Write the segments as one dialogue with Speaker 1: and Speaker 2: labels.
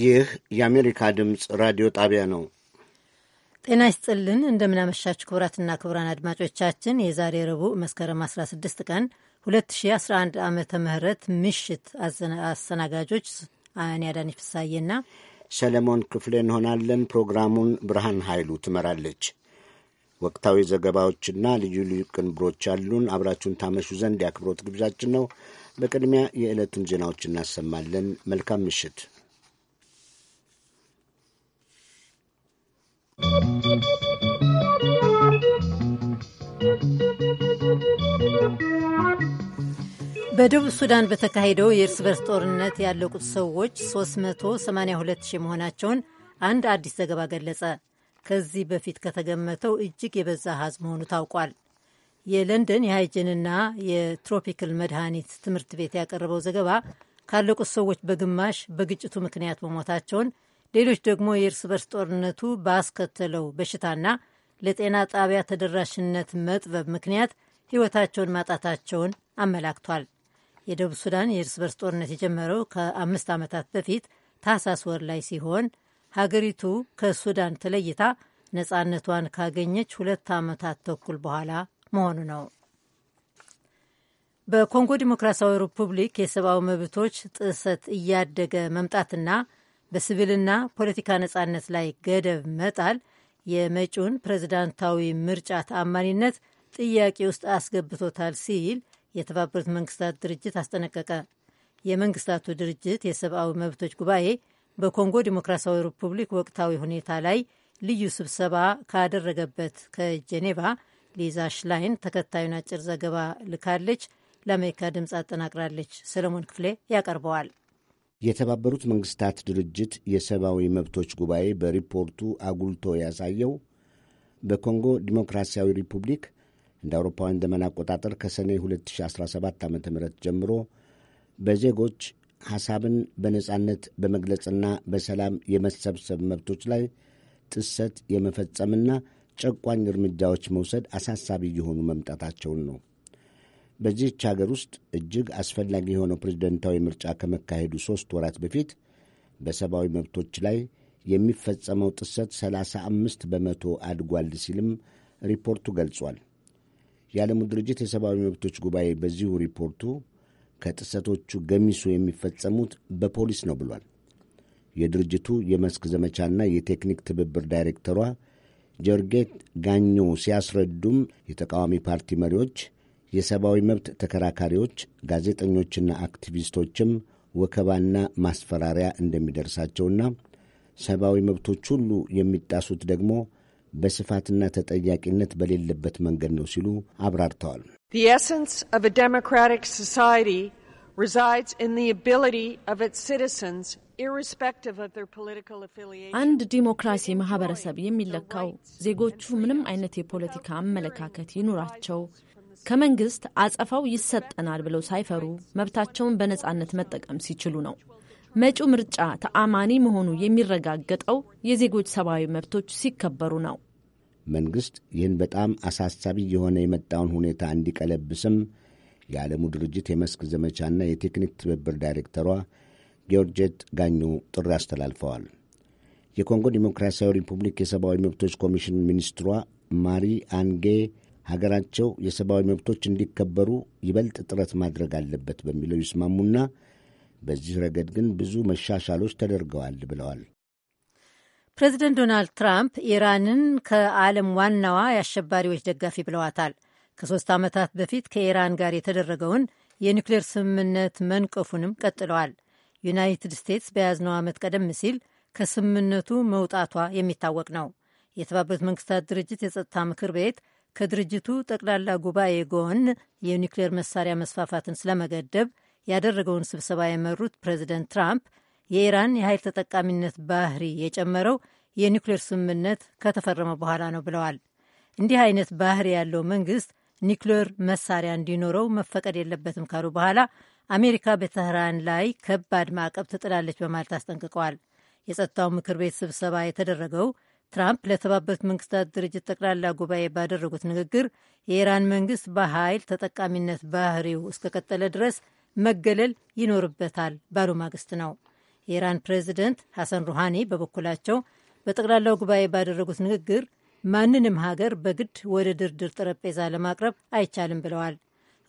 Speaker 1: ይህ የአሜሪካ ድምፅ ራዲዮ ጣቢያ ነው።
Speaker 2: ጤና ይስጥልን፣ እንደምናመሻችሁ ክቡራትና ክቡራን አድማጮቻችን የዛሬ ረቡዕ መስከረም 16 ቀን 2011 ዓ ምህረት ምሽት አስተናጋጆች እኔ አዳነች ፍሳዬና
Speaker 1: ሰለሞን ክፍሌ እንሆናለን። ፕሮግራሙን ብርሃን ኃይሉ ትመራለች። ወቅታዊ ዘገባዎችና ልዩ ልዩ ቅንብሮች አሉን። አብራችሁን ታመሹ ዘንድ የአክብሮት ግብዣችን ነው። በቅድሚያ የዕለቱን ዜናዎች እናሰማለን። መልካም ምሽት።
Speaker 2: በደቡብ ሱዳን በተካሄደው የእርስ በርስ ጦርነት ያለቁት ሰዎች ሺህ መሆናቸውን አንድ አዲስ ዘገባ ገለጸ። ከዚህ በፊት ከተገመተው እጅግ የበዛ ሀዝ መሆኑ ታውቋል። የለንደን የሃይጅንና የትሮፒክል መድኃኒት ትምህርት ቤት ያቀረበው ዘገባ ካለቁት ሰዎች በግማሽ በግጭቱ ምክንያት መሞታቸውን ሌሎች ደግሞ የእርስ በርስ ጦርነቱ ባስከተለው በሽታና ለጤና ጣቢያ ተደራሽነት መጥበብ ምክንያት ሕይወታቸውን ማጣታቸውን አመላክቷል። የደቡብ ሱዳን የእርስ በርስ ጦርነት የጀመረው ከአምስት ዓመታት በፊት ታህሳስ ወር ላይ ሲሆን ሀገሪቱ ከሱዳን ተለይታ ነፃነቷን ካገኘች ሁለት ዓመታት ተኩል በኋላ መሆኑ ነው። በኮንጎ ዲሞክራሲያዊ ሪፑብሊክ የሰብአዊ መብቶች ጥሰት እያደገ መምጣትና በሲቪልና ፖለቲካ ነጻነት ላይ ገደብ መጣል የመጪውን ፕሬዝዳንታዊ ምርጫ ተአማኒነት ጥያቄ ውስጥ አስገብቶታል ሲል የተባበሩት መንግስታት ድርጅት አስጠነቀቀ። የመንግስታቱ ድርጅት የሰብአዊ መብቶች ጉባኤ በኮንጎ ዲሞክራሲያዊ ሪፑብሊክ ወቅታዊ ሁኔታ ላይ ልዩ ስብሰባ ካደረገበት ከጄኔቫ ሊዛ ሽላይን ተከታዩን አጭር ዘገባ ልካለች። ለአሜሪካ ድምፅ አጠናቅራለች። ሰለሞን ክፍሌ ያቀርበዋል።
Speaker 1: የተባበሩት መንግስታት ድርጅት የሰብአዊ መብቶች ጉባኤ በሪፖርቱ አጉልቶ ያሳየው በኮንጎ ዲሞክራሲያዊ ሪፑብሊክ እንደ አውሮፓውያን ዘመን አቆጣጠር ከሰኔ 2017 ዓ ም ጀምሮ በዜጎች ሐሳብን በነጻነት በመግለጽና በሰላም የመሰብሰብ መብቶች ላይ ጥሰት የመፈጸምና ጨቋኝ እርምጃዎች መውሰድ አሳሳቢ እየሆኑ መምጣታቸውን ነው። በዚህች ሀገር ውስጥ እጅግ አስፈላጊ የሆነው ፕሬዝደንታዊ ምርጫ ከመካሄዱ ሦስት ወራት በፊት በሰብአዊ መብቶች ላይ የሚፈጸመው ጥሰት 35 በመቶ አድጓል ሲልም ሪፖርቱ ገልጿል። የዓለሙ ድርጅት የሰብአዊ መብቶች ጉባኤ በዚሁ ሪፖርቱ ከጥሰቶቹ ገሚሱ የሚፈጸሙት በፖሊስ ነው ብሏል። የድርጅቱ የመስክ ዘመቻና የቴክኒክ ትብብር ዳይሬክተሯ ጆርጌት ጋኘው ሲያስረዱም የተቃዋሚ ፓርቲ መሪዎች የሰብአዊ መብት ተከራካሪዎች ጋዜጠኞችና አክቲቪስቶችም ወከባና ማስፈራሪያ እንደሚደርሳቸውና ሰብአዊ መብቶች ሁሉ የሚጣሱት ደግሞ በስፋትና ተጠያቂነት በሌለበት መንገድ ነው ሲሉ አብራርተዋል።
Speaker 3: አንድ ዲሞክራሲ ማህበረሰብ የሚለካው ዜጎቹ ምንም አይነት የፖለቲካ አመለካከት ይኑራቸው ከመንግስት አጸፋው ይሰጠናል ብለው ሳይፈሩ መብታቸውን በነጻነት መጠቀም ሲችሉ ነው። መጪው ምርጫ ተአማኒ መሆኑ የሚረጋገጠው የዜጎች ሰብአዊ መብቶች ሲከበሩ ነው።
Speaker 1: መንግስት ይህን በጣም አሳሳቢ የሆነ የመጣውን ሁኔታ እንዲቀለብስም የዓለሙ ድርጅት የመስክ ዘመቻና የቴክኒክ ትብብር ዳይሬክተሯ ጊዮርጀት ጋኙ ጥሪ አስተላልፈዋል። የኮንጎ ዲሞክራሲያዊ ሪፑብሊክ የሰብአዊ መብቶች ኮሚሽን ሚኒስትሯ ማሪ አንጌ ሀገራቸው የሰብአዊ መብቶች እንዲከበሩ ይበልጥ ጥረት ማድረግ አለበት በሚለው ይስማሙና በዚህ ረገድ ግን ብዙ መሻሻሎች ተደርገዋል ብለዋል።
Speaker 2: ፕሬዚደንት ዶናልድ ትራምፕ ኢራንን ከዓለም ዋናዋ የአሸባሪዎች ደጋፊ ብለዋታል። ከሶስት ዓመታት በፊት ከኢራን ጋር የተደረገውን የኒውክሌር ስምምነት መንቀፉንም ቀጥለዋል። ዩናይትድ ስቴትስ በያዝነው ዓመት ቀደም ሲል ከስምምነቱ መውጣቷ የሚታወቅ ነው። የተባበሩት መንግስታት ድርጅት የጸጥታ ምክር ቤት ከድርጅቱ ጠቅላላ ጉባኤ ጎን የኒውክሌር መሳሪያ መስፋፋትን ስለመገደብ ያደረገውን ስብሰባ የመሩት ፕሬዚደንት ትራምፕ የኢራን የኃይል ተጠቃሚነት ባህሪ የጨመረው የኒውክሌር ስምምነት ከተፈረመ በኋላ ነው ብለዋል። እንዲህ አይነት ባህሪ ያለው መንግስት ኒውክሌር መሳሪያ እንዲኖረው መፈቀድ የለበትም ካሉ በኋላ አሜሪካ በተህራን ላይ ከባድ ማዕቀብ ትጥላለች በማለት አስጠንቅቀዋል። የጸጥታው ምክር ቤት ስብሰባ የተደረገው ትራምፕ ለተባበሩት መንግስታት ድርጅት ጠቅላላ ጉባኤ ባደረጉት ንግግር የኢራን መንግስት በኃይል ተጠቃሚነት ባህሪው እስከቀጠለ ድረስ መገለል ይኖርበታል ባሉ ማግስት ነው። የኢራን ፕሬዚደንት ሐሰን ሩሃኒ በበኩላቸው በጠቅላላው ጉባኤ ባደረጉት ንግግር ማንንም ሀገር በግድ ወደ ድርድር ጠረጴዛ ለማቅረብ አይቻልም ብለዋል።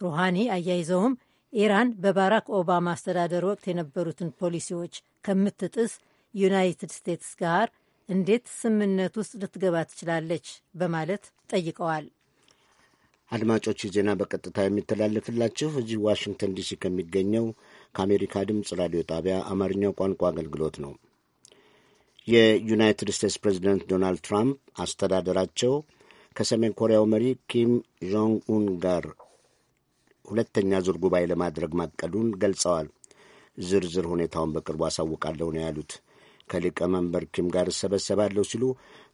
Speaker 2: ሩሃኒ አያይዘውም ኢራን በባራክ ኦባማ አስተዳደር ወቅት የነበሩትን ፖሊሲዎች ከምትጥስ ዩናይትድ ስቴትስ ጋር እንዴት ስምምነት ውስጥ ልትገባ ትችላለች? በማለት ጠይቀዋል።
Speaker 1: አድማጮች ዜና በቀጥታ የሚተላለፍላችሁ እዚህ ዋሽንግተን ዲሲ ከሚገኘው ከአሜሪካ ድምፅ ራዲዮ ጣቢያ አማርኛው ቋንቋ አገልግሎት ነው። የዩናይትድ ስቴትስ ፕሬዚደንት ዶናልድ ትራምፕ አስተዳደራቸው ከሰሜን ኮሪያው መሪ ኪም ጆንግ ኡን ጋር ሁለተኛ ዙር ጉባኤ ለማድረግ ማቀዱን ገልጸዋል። ዝርዝር ሁኔታውን በቅርቡ አሳውቃለሁ ነው ያሉት። ከሊቀመንበር ኪም ጋር እሰበሰባለሁ ሲሉ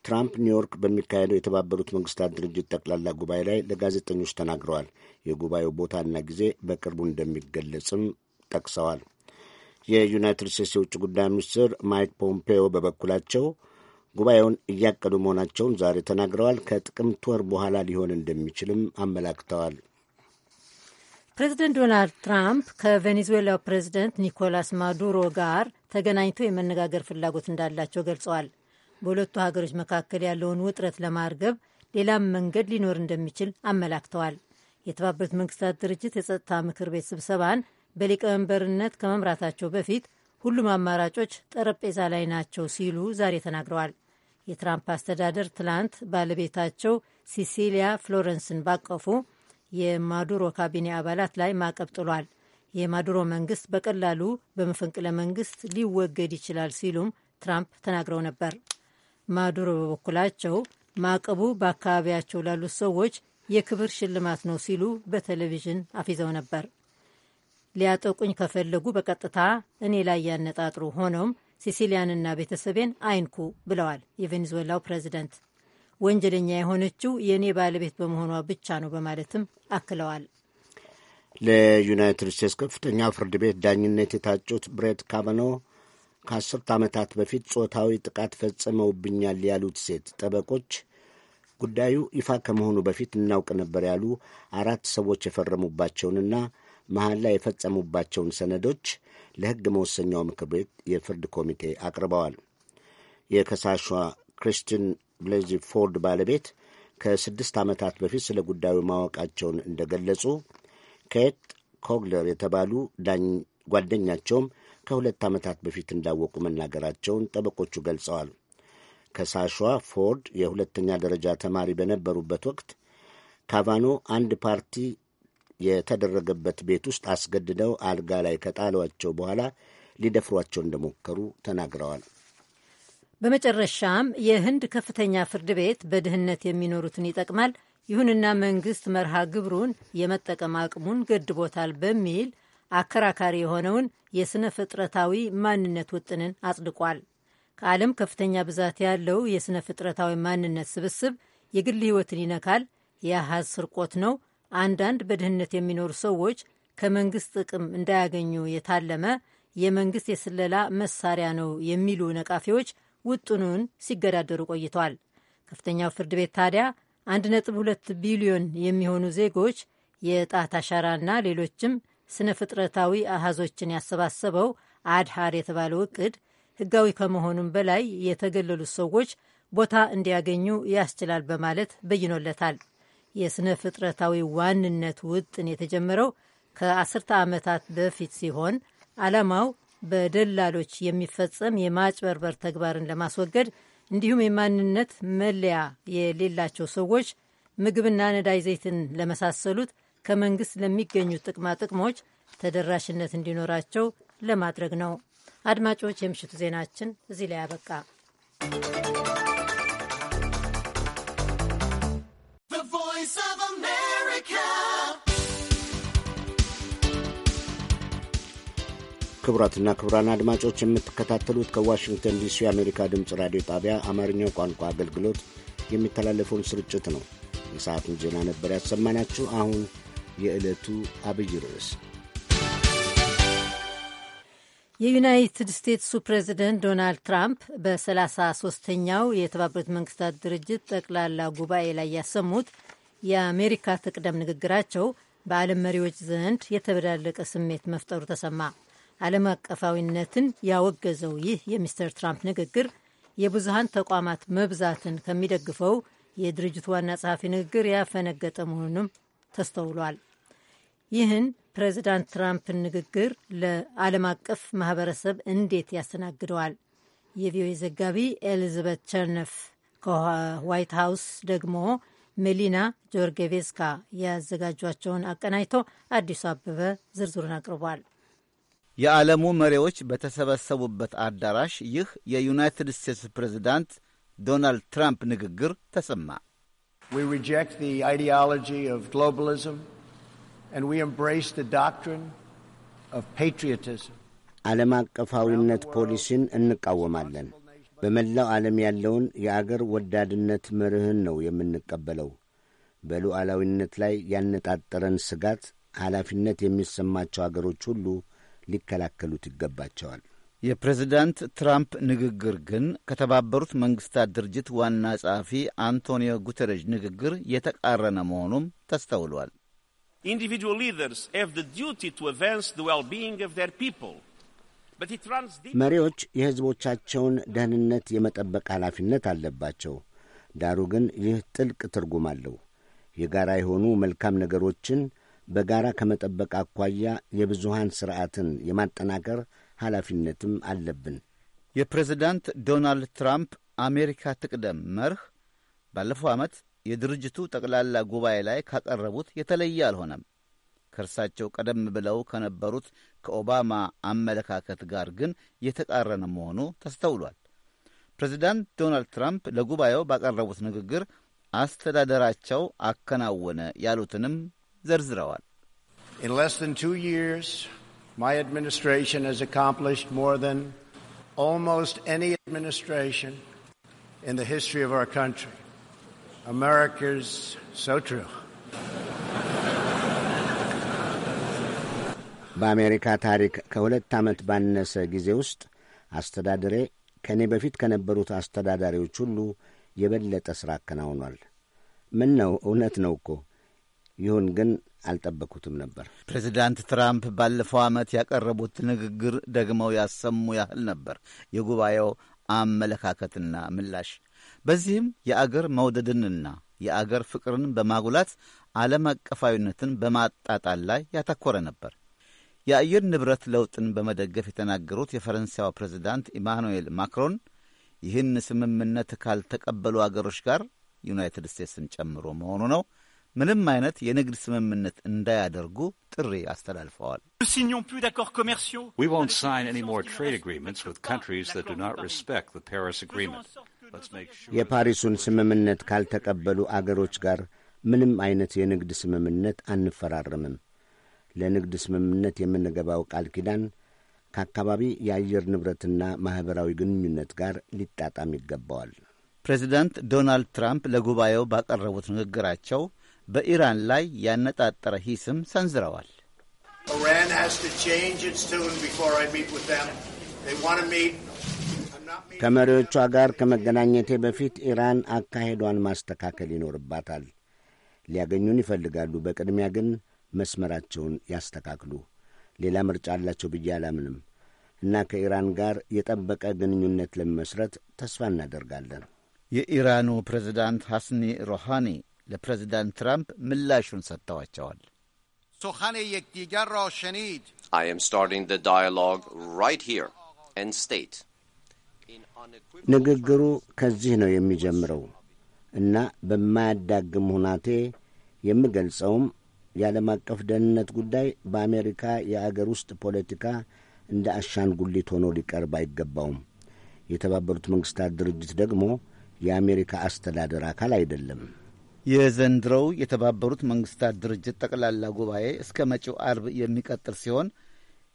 Speaker 1: ትራምፕ ኒውዮርክ በሚካሄደው የተባበሩት መንግስታት ድርጅት ጠቅላላ ጉባኤ ላይ ለጋዜጠኞች ተናግረዋል። የጉባኤው ቦታና ጊዜ በቅርቡ እንደሚገለጽም ጠቅሰዋል። የዩናይትድ ስቴትስ የውጭ ጉዳይ ሚኒስትር ማይክ ፖምፔዮ በበኩላቸው ጉባኤውን እያቀዱ መሆናቸውን ዛሬ ተናግረዋል። ከጥቅምት ወር በኋላ ሊሆን እንደሚችልም አመላክተዋል።
Speaker 2: ፕሬዚደንት ዶናልድ ትራምፕ ከቬኔዙዌላው ፕሬዚደንት ኒኮላስ ማዱሮ ጋር ተገናኝተው የመነጋገር ፍላጎት እንዳላቸው ገልጸዋል። በሁለቱ ሀገሮች መካከል ያለውን ውጥረት ለማርገብ ሌላም መንገድ ሊኖር እንደሚችል አመላክተዋል። የተባበሩት መንግስታት ድርጅት የጸጥታ ምክር ቤት ስብሰባን በሊቀመንበርነት ከመምራታቸው በፊት ሁሉም አማራጮች ጠረጴዛ ላይ ናቸው ሲሉ ዛሬ ተናግረዋል። የትራምፕ አስተዳደር ትላንት ባለቤታቸው ሲሲሊያ ፍሎረንስን ባቀፉ የማዱሮ ካቢኔ አባላት ላይ ማዕቀብ ጥሏል። የማዱሮ መንግስት በቀላሉ በመፈንቅለ መንግስት ሊወገድ ይችላል ሲሉም ትራምፕ ተናግረው ነበር። ማዱሮ በበኩላቸው ማዕቀቡ በአካባቢያቸው ላሉት ሰዎች የክብር ሽልማት ነው ሲሉ በቴሌቪዥን አፊዘው ነበር። ሊያጠቁኝ ከፈለጉ በቀጥታ እኔ ላይ ያነጣጥሩ፣ ሆኖም ሲሲሊያንና ቤተሰቤን አይንኩ ብለዋል የቬኔዙዌላው ፕሬዚደንት። ወንጀለኛ የሆነችው የእኔ ባለቤት በመሆኗ ብቻ ነው በማለትም አክለዋል።
Speaker 1: ለዩናይትድ ስቴትስ ከፍተኛ ፍርድ ቤት ዳኝነት የታጩት ብሬት ካቨኖ ከአስርት ዓመታት በፊት ጾታዊ ጥቃት ፈጽመውብኛል ያሉት ሴት ጠበቆች ጉዳዩ ይፋ ከመሆኑ በፊት እናውቅ ነበር ያሉ አራት ሰዎች የፈረሙባቸውንና ላይ የፈጸሙባቸውን ሰነዶች ለሕግ መወሰኛው ምክር ቤት የፍርድ ኮሚቴ አቅርበዋል። የከሳሿ ክሪስቲን ብሌዚ ፎርድ ባለቤት ከስድስት ዓመታት በፊት ስለ ጉዳዩ ማወቃቸውን እንደገለጹ ኬት ኮግለር የተባሉ ጓደኛቸውም ከሁለት ዓመታት በፊት እንዳወቁ መናገራቸውን ጠበቆቹ ገልጸዋል። ከሳሿ ፎርድ የሁለተኛ ደረጃ ተማሪ በነበሩበት ወቅት ካቫኖ አንድ ፓርቲ የተደረገበት ቤት ውስጥ አስገድደው አልጋ ላይ ከጣሏቸው በኋላ ሊደፍሯቸው እንደሞከሩ ተናግረዋል።
Speaker 2: በመጨረሻም የህንድ ከፍተኛ ፍርድ ቤት በድህነት የሚኖሩትን ይጠቅማል ይሁንና መንግስት መርሃ ግብሩን የመጠቀም አቅሙን ገድቦታል በሚል አከራካሪ የሆነውን የሥነ ፍጥረታዊ ማንነት ውጥንን አጽድቋል። ከዓለም ከፍተኛ ብዛት ያለው የሥነ ፍጥረታዊ ማንነት ስብስብ የግል ሕይወትን ይነካል፣ የአሐዝ ስርቆት ነው፣ አንዳንድ በድህነት የሚኖሩ ሰዎች ከመንግስት ጥቅም እንዳያገኙ የታለመ የመንግስት የስለላ መሳሪያ ነው የሚሉ ነቃፊዎች ውጥኑን ሲገዳደሩ ቆይቷል። ከፍተኛው ፍርድ ቤት ታዲያ 1.2 ቢሊዮን የሚሆኑ ዜጎች የጣት አሻራና ሌሎችም ስነ ፍጥረታዊ አሃዞችን ያሰባሰበው አድሃር የተባለው እቅድ ህጋዊ ከመሆኑም በላይ የተገለሉት ሰዎች ቦታ እንዲያገኙ ያስችላል በማለት በይኖለታል። የስነ ፍጥረታዊ ዋንነት ውጥን የተጀመረው ከአስርተ ዓመታት በፊት ሲሆን ዓላማው በደላሎች የሚፈጸም የማጭበርበር ተግባርን ለማስወገድ እንዲሁም የማንነት መለያ የሌላቸው ሰዎች ምግብና ነዳጅ ዘይትን ለመሳሰሉት ከመንግስት ለሚገኙት ጥቅማ ጥቅሞች ተደራሽነት እንዲኖራቸው ለማድረግ ነው። አድማጮች፣ የምሽቱ ዜናችን እዚህ ላይ you.
Speaker 1: ክቡራትና ክቡራን አድማጮች የምትከታተሉት ከዋሽንግተን ዲሲ የአሜሪካ ድምፅ ራዲዮ ጣቢያ አማርኛው ቋንቋ አገልግሎት የሚተላለፈውን ስርጭት ነው። የሰዓቱን ዜና ነበር ያሰማናችሁ። አሁን የዕለቱ አብይ
Speaker 4: ርዕስ
Speaker 2: የዩናይትድ ስቴትሱ ፕሬዚደንት ዶናልድ ትራምፕ በ33ኛው የተባበሩት መንግስታት ድርጅት ጠቅላላ ጉባኤ ላይ ያሰሙት የአሜሪካ ትቅደም ንግግራቸው በዓለም መሪዎች ዘንድ የተበዳለቀ ስሜት መፍጠሩ ተሰማ። ዓለም አቀፋዊነትን ያወገዘው ይህ የሚስተር ትራምፕ ንግግር የብዙሃን ተቋማት መብዛትን ከሚደግፈው የድርጅቱ ዋና ጸሐፊ ንግግር ያፈነገጠ መሆኑንም ተስተውሏል። ይህን ፕሬዚዳንት ትራምፕን ንግግር ለዓለም አቀፍ ማህበረሰብ እንዴት ያስተናግደዋል? የቪኦኤ ዘጋቢ ኤሊዛቤት ቸርነፍ ከዋይት ሀውስ ደግሞ ሜሊና ጆርጌቬስካ ያዘጋጇቸውን አቀናጅቶ አዲሱ አበበ ዝርዝሩን አቅርቧል።
Speaker 5: የዓለሙ መሪዎች በተሰበሰቡበት አዳራሽ ይህ የዩናይትድ ስቴትስ ፕሬዝዳንት ዶናልድ ትራምፕ ንግግር ተሰማ።
Speaker 1: ዓለም አቀፋዊነት ፖሊሲን እንቃወማለን። በመላው ዓለም ያለውን የአገር ወዳድነት መርህን ነው የምንቀበለው። በሉዓላዊነት ላይ ያነጣጠረን ስጋት ኃላፊነት የሚሰማቸው አገሮች ሁሉ ሊከላከሉት ይገባቸዋል።
Speaker 5: የፕሬዚዳንት ትራምፕ ንግግር ግን ከተባበሩት መንግስታት ድርጅት ዋና ጸሐፊ አንቶኒዮ ጉተረዥ ንግግር የተቃረነ መሆኑም ተስተውሏል።
Speaker 6: መሪዎች
Speaker 1: የሕዝቦቻቸውን ደህንነት የመጠበቅ ኃላፊነት አለባቸው። ዳሩ ግን ይህ ጥልቅ ትርጉም አለው። የጋራ የሆኑ መልካም ነገሮችን በጋራ ከመጠበቅ አኳያ የብዙሃን ስርዓትን የማጠናከር ኃላፊነትም አለብን።
Speaker 5: የፕሬዝዳንት ዶናልድ ትራምፕ አሜሪካ ትቅደም መርህ ባለፈው ዓመት የድርጅቱ ጠቅላላ ጉባኤ ላይ ካቀረቡት የተለየ አልሆነም። ከእርሳቸው ቀደም ብለው ከነበሩት ከኦባማ አመለካከት ጋር ግን የተቃረነ መሆኑ ተስተውሏል። ፕሬዚዳንት ዶናልድ ትራምፕ ለጉባኤው ባቀረቡት ንግግር አስተዳደራቸው አከናወነ ያሉትንም ዘርዝረዋል።
Speaker 1: በአሜሪካ ታሪክ ከሁለት ዓመት ባነሰ ጊዜ ውስጥ አስተዳደሬ ከእኔ በፊት ከነበሩት አስተዳዳሪዎች ሁሉ የበለጠ ሥራ አከናውኗል። ምን ነው እውነት ነው እኮ ይሁን ግን አልጠበኩትም ነበር።
Speaker 5: ፕሬዚዳንት ትራምፕ ባለፈው ዓመት ያቀረቡት ንግግር ደግመው ያሰሙ ያህል ነበር የጉባኤው አመለካከትና ምላሽ። በዚህም የአገር መውደድንና የአገር ፍቅርን በማጉላት ዓለም አቀፋዊነትን በማጣጣል ላይ ያተኮረ ነበር። የአየር ንብረት ለውጥን በመደገፍ የተናገሩት የፈረንሳዩ ፕሬዚዳንት ኢማኑኤል ማክሮን ይህን ስምምነት ካልተቀበሉ አገሮች ጋር ዩናይትድ ስቴትስን ጨምሮ መሆኑ ነው ምንም አይነት የንግድ ስምምነት እንዳያደርጉ ጥሪ
Speaker 1: አስተላልፈዋል። የፓሪሱን ስምምነት ካልተቀበሉ አገሮች ጋር ምንም አይነት የንግድ ስምምነት አንፈራረምም። ለንግድ ስምምነት የምንገባው ቃል ኪዳን ከአካባቢ የአየር ንብረትና ማኅበራዊ ግንኙነት ጋር ሊጣጣም ይገባዋል።
Speaker 5: ፕሬዚዳንት ዶናልድ ትራምፕ ለጉባኤው ባቀረቡት ንግግራቸው በኢራን ላይ ያነጣጠረ ሂስም ሰንዝረዋል።
Speaker 1: ከመሪዎቿ ጋር ከመገናኘቴ በፊት ኢራን አካሄዷን ማስተካከል ይኖርባታል። ሊያገኙን ይፈልጋሉ። በቅድሚያ ግን መስመራቸውን ያስተካክሉ። ሌላ ምርጫ አላቸው ብዬ አላምንም እና ከኢራን ጋር የጠበቀ ግንኙነት ለመመስረት ተስፋ እናደርጋለን።
Speaker 5: የኢራኑ ፕሬዝዳንት ሐስኒ ሮሃኒ ለፕሬዚዳንት ትራምፕ ምላሹን ሰጥተዋቸዋል።
Speaker 4: سخن یکدیگر را شنید I am starting the dialogue right here
Speaker 1: ንግግሩ ከዚህ ነው የሚጀምረው እና በማያዳግም ሁናቴ የምገልጸውም የዓለም አቀፍ ደህንነት ጉዳይ በአሜሪካ የአገር ውስጥ ፖለቲካ እንደ አሻንጉሊት ሆኖ ሊቀርብ አይገባውም። የተባበሩት መንግሥታት ድርጅት ደግሞ የአሜሪካ አስተዳደር አካል አይደለም።
Speaker 5: የዘንድሮው የተባበሩት መንግስታት ድርጅት ጠቅላላ ጉባኤ እስከ መጪው አርብ የሚቀጥል ሲሆን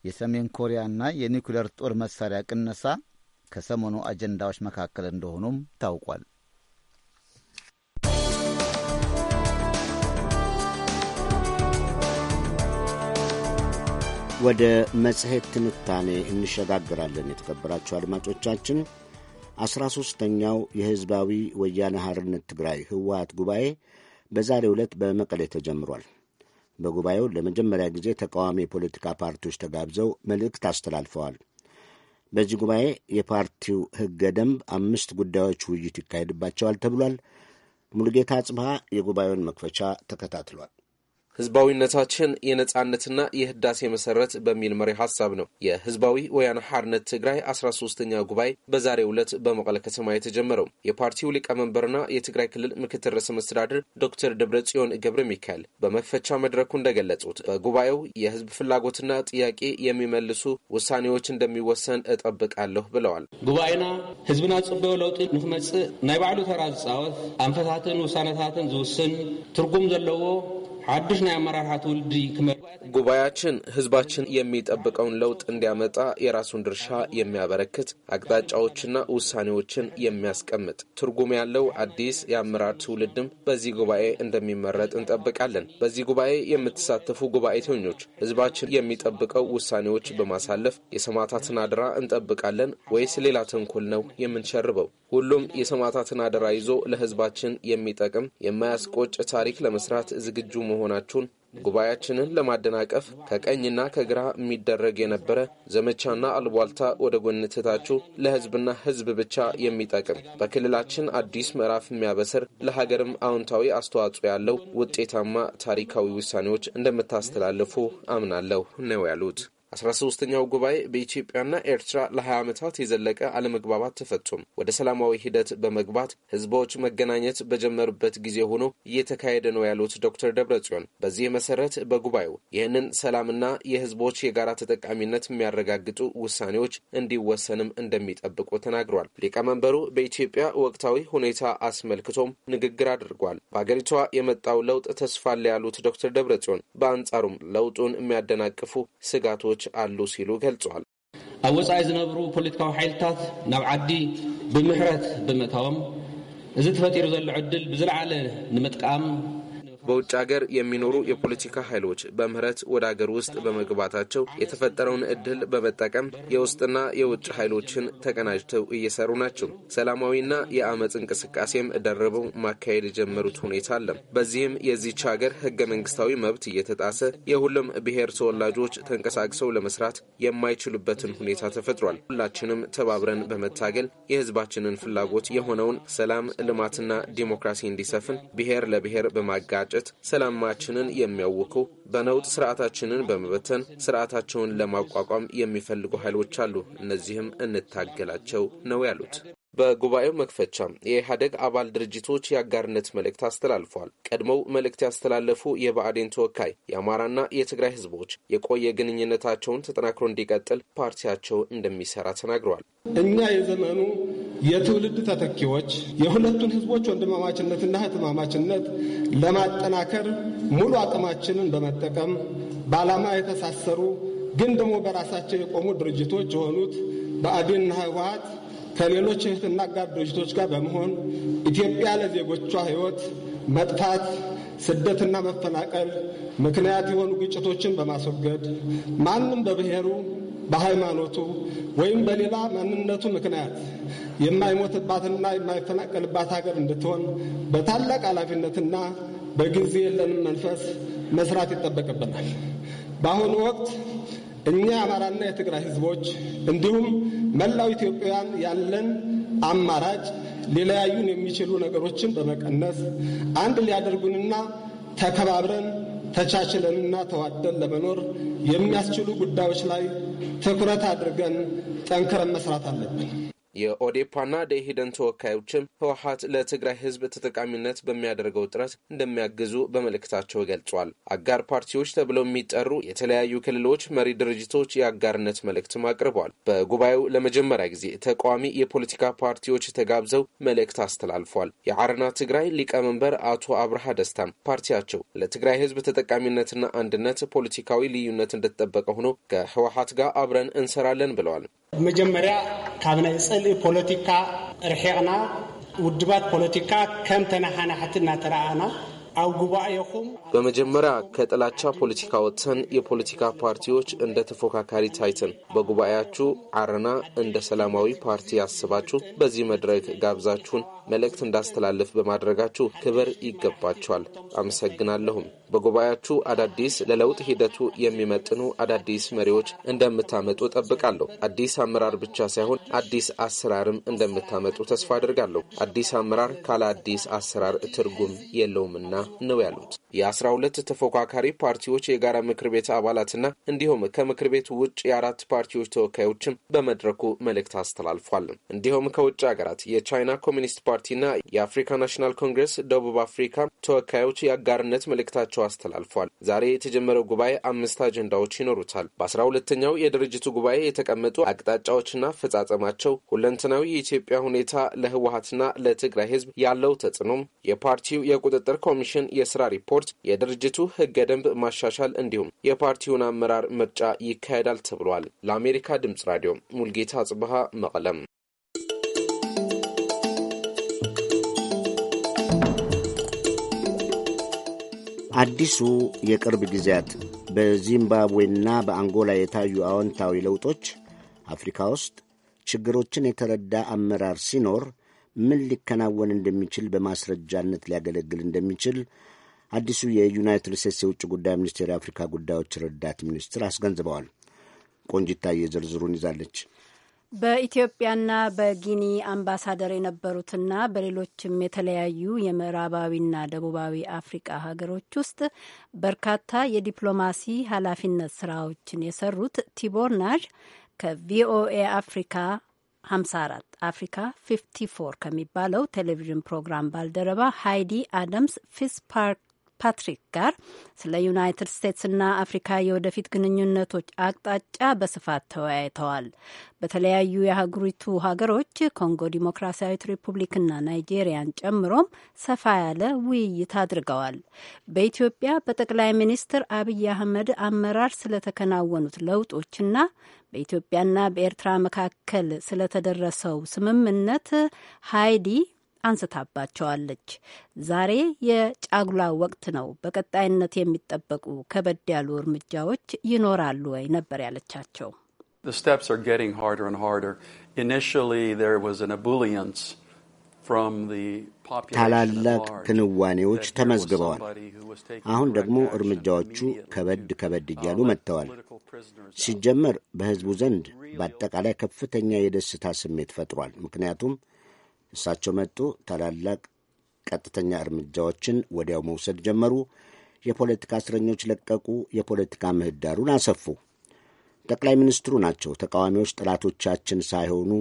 Speaker 5: የሰሜን ኮሪያና የኒውክሌር ጦር መሳሪያ ቅነሳ ከሰሞኑ አጀንዳዎች መካከል እንደሆኑም ታውቋል።
Speaker 1: ወደ መጽሔት ትንታኔ እንሸጋግራለን። የተከበራችሁ አድማጮቻችን አስራ ሦስተኛው የሕዝባዊ ወያነ ሐርነት ትግራይ ህወሀት ጉባኤ በዛሬ ዕለት በመቀሌ ተጀምሯል። በጉባኤው ለመጀመሪያ ጊዜ ተቃዋሚ የፖለቲካ ፓርቲዎች ተጋብዘው መልእክት አስተላልፈዋል። በዚህ ጉባኤ የፓርቲው ህገ ደንብ አምስት ጉዳዮች ውይይት ይካሄድባቸዋል ተብሏል። ሙሉጌታ አጽብሃ የጉባኤውን መክፈቻ ተከታትሏል።
Speaker 7: ህዝባዊነታችን የነጻነትና የህዳሴ መሰረት በሚል መሪ ሀሳብ ነው የህዝባዊ ወያነ ሓርነት ትግራይ አስራ ሶስተኛ ጉባኤ በዛሬው ዕለት በመቀለ ከተማ የተጀመረው። የፓርቲው ሊቀመንበርና የትግራይ ክልል ምክትል ርዕሰ መስተዳድር ዶክተር ደብረ ጽዮን ገብረ ሚካኤል በመክፈቻ መድረኩ እንደገለጹት በጉባኤው የህዝብ ፍላጎትና ጥያቄ የሚመልሱ ውሳኔዎች እንደሚወሰን እጠብቃለሁ ብለዋል። ጉባኤና ህዝብና ጽበው ለውጢ ንክመጽእ ናይ ባዕሉ ተራ ዝፃወት አንፈታትን ውሳነታትን ዝውስን ትርጉም ዘለዎ አዲስ ናይ ኣመራርሓ ትውልዲ ጉባኤያችን ህዝባችን የሚጠብቀውን ለውጥ እንዲያመጣ የራሱን ድርሻ የሚያበረክት አቅጣጫዎችና ውሳኔዎችን የሚያስቀምጥ ትርጉም ያለው አዲስ የአመራር ትውልድም በዚህ ጉባኤ እንደሚመረጥ እንጠብቃለን። በዚህ ጉባኤ የምትሳተፉ ጉባኤተኞች ህዝባችን የሚጠብቀው ውሳኔዎች በማሳለፍ የሰማዕታትን አደራ እንጠብቃለን ወይስ ሌላ ተንኮል ነው የምንሸርበው? ሁሉም የሰማዕታትን አደራ ይዞ ለህዝባችን የሚጠቅም የማያስቆጭ ታሪክ ለመስራት ዝግጁ መሆናችሁን ጉባኤያችንን ለማደናቀፍ ከቀኝና ከግራ የሚደረግ የነበረ ዘመቻና አልቧልታ ወደ ጎንትታችሁ ለሕዝብና ሕዝብ ብቻ የሚጠቅም በክልላችን አዲስ ምዕራፍ የሚያበስር ለሀገርም አዎንታዊ አስተዋጽኦ ያለው ውጤታማ ታሪካዊ ውሳኔዎች እንደምታስተላልፉ አምናለሁ ነው ያሉት። አስራ ሶስተኛው ጉባኤ በኢትዮጵያና ኤርትራ ለ20 ዓመታት የዘለቀ አለመግባባት ተፈቶም ወደ ሰላማዊ ሂደት በመግባት ህዝቦች መገናኘት በጀመሩበት ጊዜ ሆኖ እየተካሄደ ነው ያሉት ዶክተር ደብረጽዮን በዚህ መሰረት በጉባኤው ይህንን ሰላምና የህዝቦች የጋራ ተጠቃሚነት የሚያረጋግጡ ውሳኔዎች እንዲወሰንም እንደሚጠብቁ ተናግሯል። ሊቀመንበሩ በኢትዮጵያ ወቅታዊ ሁኔታ አስመልክቶም ንግግር አድርጓል። በአገሪቷ የመጣው ለውጥ ተስፋ አለ ያሉት ዶክተር ደብረጽዮን በአንጻሩም ለውጡን የሚያደናቅፉ ስጋቶች አሉ ሲሉ ገልጿል። ኣብ ወፃኢ ዝነብሩ ፖለቲካዊ ሓይልታት ናብ ዓዲ ብምሕረት ብምእታዎም እዚ ተፈጢሩ ዘሎ ዕድል ብዝለዓለ ንምጥቃም በውጭ ሀገር የሚኖሩ የፖለቲካ ኃይሎች በምህረት ወደ ሀገር ውስጥ በመግባታቸው የተፈጠረውን እድል በመጠቀም የውስጥና የውጭ ኃይሎችን ተቀናጅተው እየሰሩ ናቸው። ሰላማዊና የአመፅ እንቅስቃሴም ደርበው ማካሄድ የጀመሩት ሁኔታ አለ። በዚህም የዚች ሀገር ህገ መንግስታዊ መብት እየተጣሰ የሁሉም ብሔር ተወላጆች ተንቀሳቅሰው ለመስራት የማይችሉበትን ሁኔታ ተፈጥሯል። ሁላችንም ተባብረን በመታገል የህዝባችንን ፍላጎት የሆነውን ሰላም፣ ልማትና ዲሞክራሲ እንዲሰፍን ብሔር ለብሔር በማጋጨ በማጋጨት ሰላማችንን የሚያውኩ በነውጥ ስርዓታችንን በመበተን ስርዓታቸውን ለማቋቋም የሚፈልጉ ኃይሎች አሉ። እነዚህም እንታገላቸው ነው ያሉት። በጉባኤው መክፈቻ የኢህአደግ አባል ድርጅቶች የአጋርነት መልእክት አስተላልፏል። ቀድሞው መልእክት ያስተላለፉ የብአዴን ተወካይ የአማራና የትግራይ ህዝቦች የቆየ ግንኙነታቸውን ተጠናክሮ እንዲቀጥል ፓርቲያቸው እንደሚሰራ ተናግረዋል። እኛ
Speaker 8: የዘመኑ የትውልድ ተተኪዎች የሁለቱን ህዝቦች ወንድማማችነትና ህትማማችነት ለማጠናከር ሙሉ አቅማችንን በመጠቀም በዓላማ የተሳሰሩ ግን ደግሞ በራሳቸው የቆሙ ድርጅቶች የሆኑት ብአዴንና ህወሀት ከሌሎች እህትና አጋር ድርጅቶች ጋር በመሆን ኢትዮጵያ ለዜጎቿ ህይወት መጥፋት ስደትና መፈናቀል ምክንያት የሆኑ ግጭቶችን በማስወገድ ማንም በብሔሩ፣ በሃይማኖቱ ወይም በሌላ ማንነቱ ምክንያት የማይሞትባትና የማይፈናቀልባት ሀገር እንድትሆን በታላቅ ኃላፊነትና በጊዜ የለንም መንፈስ መስራት ይጠበቅብናል። በአሁኑ ወቅት እኛ አማራና የትግራይ ህዝቦች እንዲሁም መላው ኢትዮጵያውያን ያለን አማራጭ ሊለያዩን የሚችሉ ነገሮችን በመቀነስ አንድ ሊያደርጉንና ተከባብረን ተቻችለንና ተዋደን ለመኖር የሚያስችሉ ጉዳዮች ላይ ትኩረት አድርገን ጠንክረን መስራት አለብን።
Speaker 7: የኦዴፓና ደኢህዴን ተወካዮችም ህወሀት ለትግራይ ህዝብ ተጠቃሚነት በሚያደርገው ጥረት እንደሚያግዙ በመልእክታቸው ገልጿል። አጋር ፓርቲዎች ተብለው የሚጠሩ የተለያዩ ክልሎች መሪ ድርጅቶች የአጋርነት መልእክትም አቅርበዋል። በጉባኤው ለመጀመሪያ ጊዜ ተቃዋሚ የፖለቲካ ፓርቲዎች ተጋብዘው መልእክት አስተላልፏል። የአረና ትግራይ ሊቀመንበር አቶ አብርሃ ደስታም ፓርቲያቸው ለትግራይ ህዝብ ተጠቃሚነትና አንድነት ፖለቲካዊ ልዩነት እንደተጠበቀ ሆኖ ከህወሀት ጋር አብረን እንሰራለን ብለዋል።
Speaker 8: መጀመርያ ካብ ናይ ፀልኢ ፖለቲካ ርሒቕና ውድባት ፖለቲካ ከም ተናሓናሕቲ
Speaker 1: እናተረኣና ኣብ ጉባኤኹም
Speaker 7: በመጀመሪያ ከጥላቻ ፖለቲካ ወጥተን የፖለቲካ ፓርቲዎች እንደ ተፎካካሪ ታይትን በጉባኤያችሁ አረና እንደ ሰላማዊ ፓርቲ ያስባችሁ በዚህ መድረክ ጋብዛችሁን መልእክት እንዳስተላልፍ በማድረጋችሁ ክብር ይገባችኋል። አመሰግናለሁም። በጉባኤያችሁ አዳዲስ ለለውጥ ሂደቱ የሚመጥኑ አዳዲስ መሪዎች እንደምታመጡ ጠብቃለሁ። አዲስ አመራር ብቻ ሳይሆን አዲስ አሰራርም እንደምታመጡ ተስፋ አድርጋለሁ። አዲስ አመራር ካለ አዲስ አሰራር ትርጉም የለውምና ነው ያሉት። የአስራ ሁለት ተፎካካሪ ፓርቲዎች የጋራ ምክር ቤት አባላትና እንዲሁም ከምክር ቤት ውጭ የአራት ፓርቲዎች ተወካዮችም በመድረኩ መልእክት አስተላልፏል። እንዲሁም ከውጭ ሀገራት የቻይና ኮሚኒስት ፓርቲ ፓርቲና የአፍሪካ ናሽናል ኮንግረስ ደቡብ አፍሪካ ተወካዮች የአጋርነት መልእክታቸው አስተላልፏል። ዛሬ የተጀመረው ጉባኤ አምስት አጀንዳዎች ይኖሩታል። በአስራ ሁለተኛው የድርጅቱ ጉባኤ የተቀመጡ አቅጣጫዎችና ፈጻጸማቸው፣ ሁለንተናዊ የኢትዮጵያ ሁኔታ፣ ለህወሀትና ለትግራይ ህዝብ ያለው ተጽዕኖም፣ የፓርቲው የቁጥጥር ኮሚሽን የስራ ሪፖርት፣ የድርጅቱ ህገ ደንብ ማሻሻል እንዲሁም የፓርቲውን አመራር ምርጫ ይካሄዳል ተብሏል። ለአሜሪካ ድምጽ ራዲዮ ሙልጌታ ጽብሃ መቀለም
Speaker 1: አዲሱ የቅርብ ጊዜያት በዚምባብዌና በአንጎላ የታዩ አዎንታዊ ለውጦች አፍሪካ ውስጥ ችግሮችን የተረዳ አመራር ሲኖር ምን ሊከናወን እንደሚችል በማስረጃነት ሊያገለግል እንደሚችል አዲሱ የዩናይትድ ስቴትስ የውጭ ጉዳይ ሚኒስቴር የአፍሪካ ጉዳዮች ረዳት ሚኒስትር አስገንዝበዋል። ቆንጅታ ዝርዝሩን ይዛለች።
Speaker 9: በኢትዮጵያና በጊኒ አምባሳደር የነበሩትና በሌሎችም የተለያዩ የምዕራባዊና ደቡባዊ አፍሪቃ ሀገሮች ውስጥ በርካታ የዲፕሎማሲ ኃላፊነት ስራዎችን የሰሩት ቲቦር ናዥ ከቪኦኤ አፍሪካ 54 አፍሪካ 54 ከሚባለው ቴሌቪዥን ፕሮግራም ባልደረባ ሃይዲ አደምስ ፊስ ፓርክ ፓትሪክ ጋር ስለ ዩናይትድ ስቴትስና አፍሪካ የወደፊት ግንኙነቶች አቅጣጫ በስፋት ተወያይተዋል። በተለያዩ የሀገሪቱ ሀገሮች ኮንጎ ዲሞክራሲያዊት ሪፑብሊክና ናይጄሪያን ጨምሮም ሰፋ ያለ ውይይት አድርገዋል። በኢትዮጵያ በጠቅላይ ሚኒስትር አብይ አህመድ አመራር ስለተከናወኑት ለውጦችና በኢትዮጵያና በኤርትራ መካከል ስለተደረሰው ስምምነት ሃይዲ አንስታባቸዋለች። ዛሬ የጫጉላ ወቅት ነው፣ በቀጣይነት የሚጠበቁ ከበድ ያሉ እርምጃዎች ይኖራሉ ወይ ነበር ያለቻቸው። ታላላቅ ክንዋኔዎች ተመዝግበዋል። አሁን
Speaker 1: ደግሞ እርምጃዎቹ ከበድ ከበድ uh, እያሉ መጥተዋል። ሲጀመር በሕዝቡ ዘንድ በአጠቃላይ ከፍተኛ የደስታ ስሜት ፈጥሯል። ምክንያቱም እሳቸው መጡ። ታላላቅ ቀጥተኛ እርምጃዎችን ወዲያው መውሰድ ጀመሩ። የፖለቲካ እስረኞች ለቀቁ። የፖለቲካ ምህዳሩን አሰፉ። ጠቅላይ ሚኒስትሩ ናቸው ተቃዋሚዎች ጠላቶቻችን ሳይሆኑ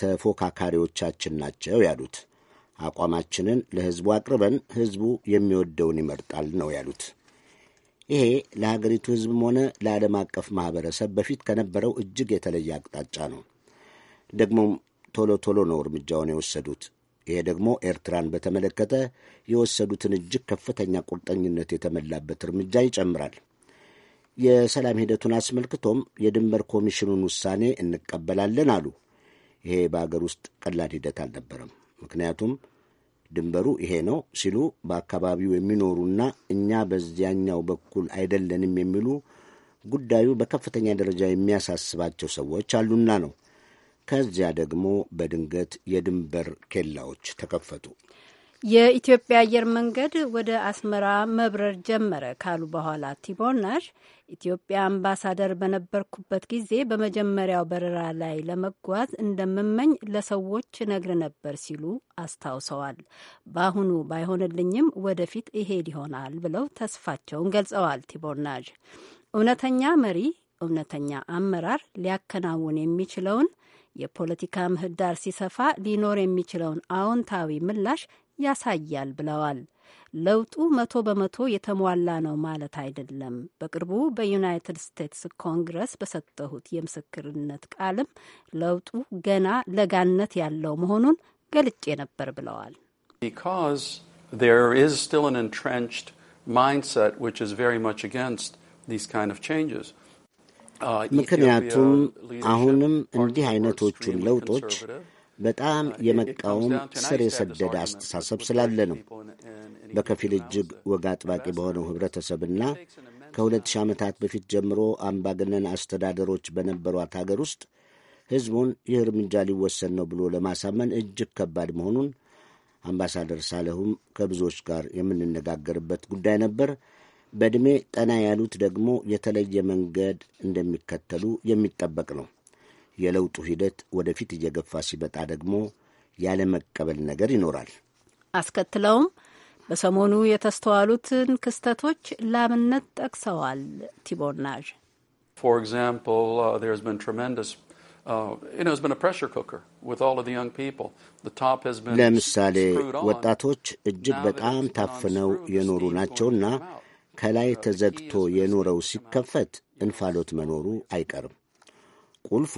Speaker 1: ተፎካካሪዎቻችን ናቸው ያሉት። አቋማችንን ለሕዝቡ አቅርበን ሕዝቡ የሚወደውን ይመርጣል ነው ያሉት። ይሄ ለሀገሪቱ ሕዝብም ሆነ ለዓለም አቀፍ ማኅበረሰብ በፊት ከነበረው እጅግ የተለየ አቅጣጫ ነው። ደግሞም ቶሎ ቶሎ ነው እርምጃውን የወሰዱት። ይሄ ደግሞ ኤርትራን በተመለከተ የወሰዱትን እጅግ ከፍተኛ ቁርጠኝነት የተሞላበት እርምጃ ይጨምራል። የሰላም ሂደቱን አስመልክቶም የድንበር ኮሚሽኑን ውሳኔ እንቀበላለን አሉ። ይሄ በአገር ውስጥ ቀላል ሂደት አልነበረም። ምክንያቱም ድንበሩ ይሄ ነው ሲሉ በአካባቢው የሚኖሩና እኛ በዚያኛው በኩል አይደለንም የሚሉ ጉዳዩ በከፍተኛ ደረጃ የሚያሳስባቸው ሰዎች አሉና ነው። ከዚያ ደግሞ በድንገት የድንበር ኬላዎች ተከፈቱ።
Speaker 9: የኢትዮጵያ አየር መንገድ ወደ አስመራ መብረር ጀመረ ካሉ በኋላ ቲቦርናሽ ኢትዮጵያ አምባሳደር በነበርኩበት ጊዜ በመጀመሪያው በረራ ላይ ለመጓዝ እንደምመኝ ለሰዎች ነግር ነበር ሲሉ አስታውሰዋል። በአሁኑ ባይሆንልኝም ወደፊት ይሄድ ይሆናል ብለው ተስፋቸውን ገልጸዋል። ቲቦናዥ እውነተኛ መሪ፣ እውነተኛ አመራር ሊያከናውን የሚችለውን የፖለቲካ ምህዳር ሲሰፋ ሊኖር የሚችለውን አዎንታዊ ምላሽ ያሳያል ብለዋል። ለውጡ መቶ በመቶ የተሟላ ነው ማለት አይደለም። በቅርቡ በዩናይትድ ስቴትስ ኮንግረስ በሰጠሁት የምስክርነት ቃልም ለውጡ ገና ለጋነት ያለው መሆኑን ገልጬ ነበር ብለዋል። ቢካዝ ምክንያቱም
Speaker 1: አሁንም እንዲህ አይነቶቹን ለውጦች በጣም የመቃወም ስር የሰደደ አስተሳሰብ ስላለ ነው። በከፊል እጅግ ወግ አጥባቂ በሆነው ኅብረተሰብና ከሁለት ሺህ ዓመታት በፊት ጀምሮ አምባገነን አስተዳደሮች በነበሯት አገር ውስጥ ሕዝቡን ይህ እርምጃ ሊወሰን ነው ብሎ ለማሳመን እጅግ ከባድ መሆኑን አምባሳደር ሳለሁም ከብዙዎች ጋር የምንነጋገርበት ጉዳይ ነበር። በዕድሜ ጠና ያሉት ደግሞ የተለየ መንገድ እንደሚከተሉ የሚጠበቅ ነው። የለውጡ ሂደት ወደፊት እየገፋ ሲመጣ ደግሞ ያለመቀበል ነገር ይኖራል።
Speaker 9: አስከትለውም በሰሞኑ የተስተዋሉትን ክስተቶች ላብነት ጠቅሰዋል። ቲቦርናዥ uh, uh, ለምሳሌ
Speaker 1: ወጣቶች እጅግ በጣም ታፍነው የኖሩ ናቸውና ከላይ ተዘግቶ የኖረው ሲከፈት እንፋሎት መኖሩ አይቀርም። ቁልፉ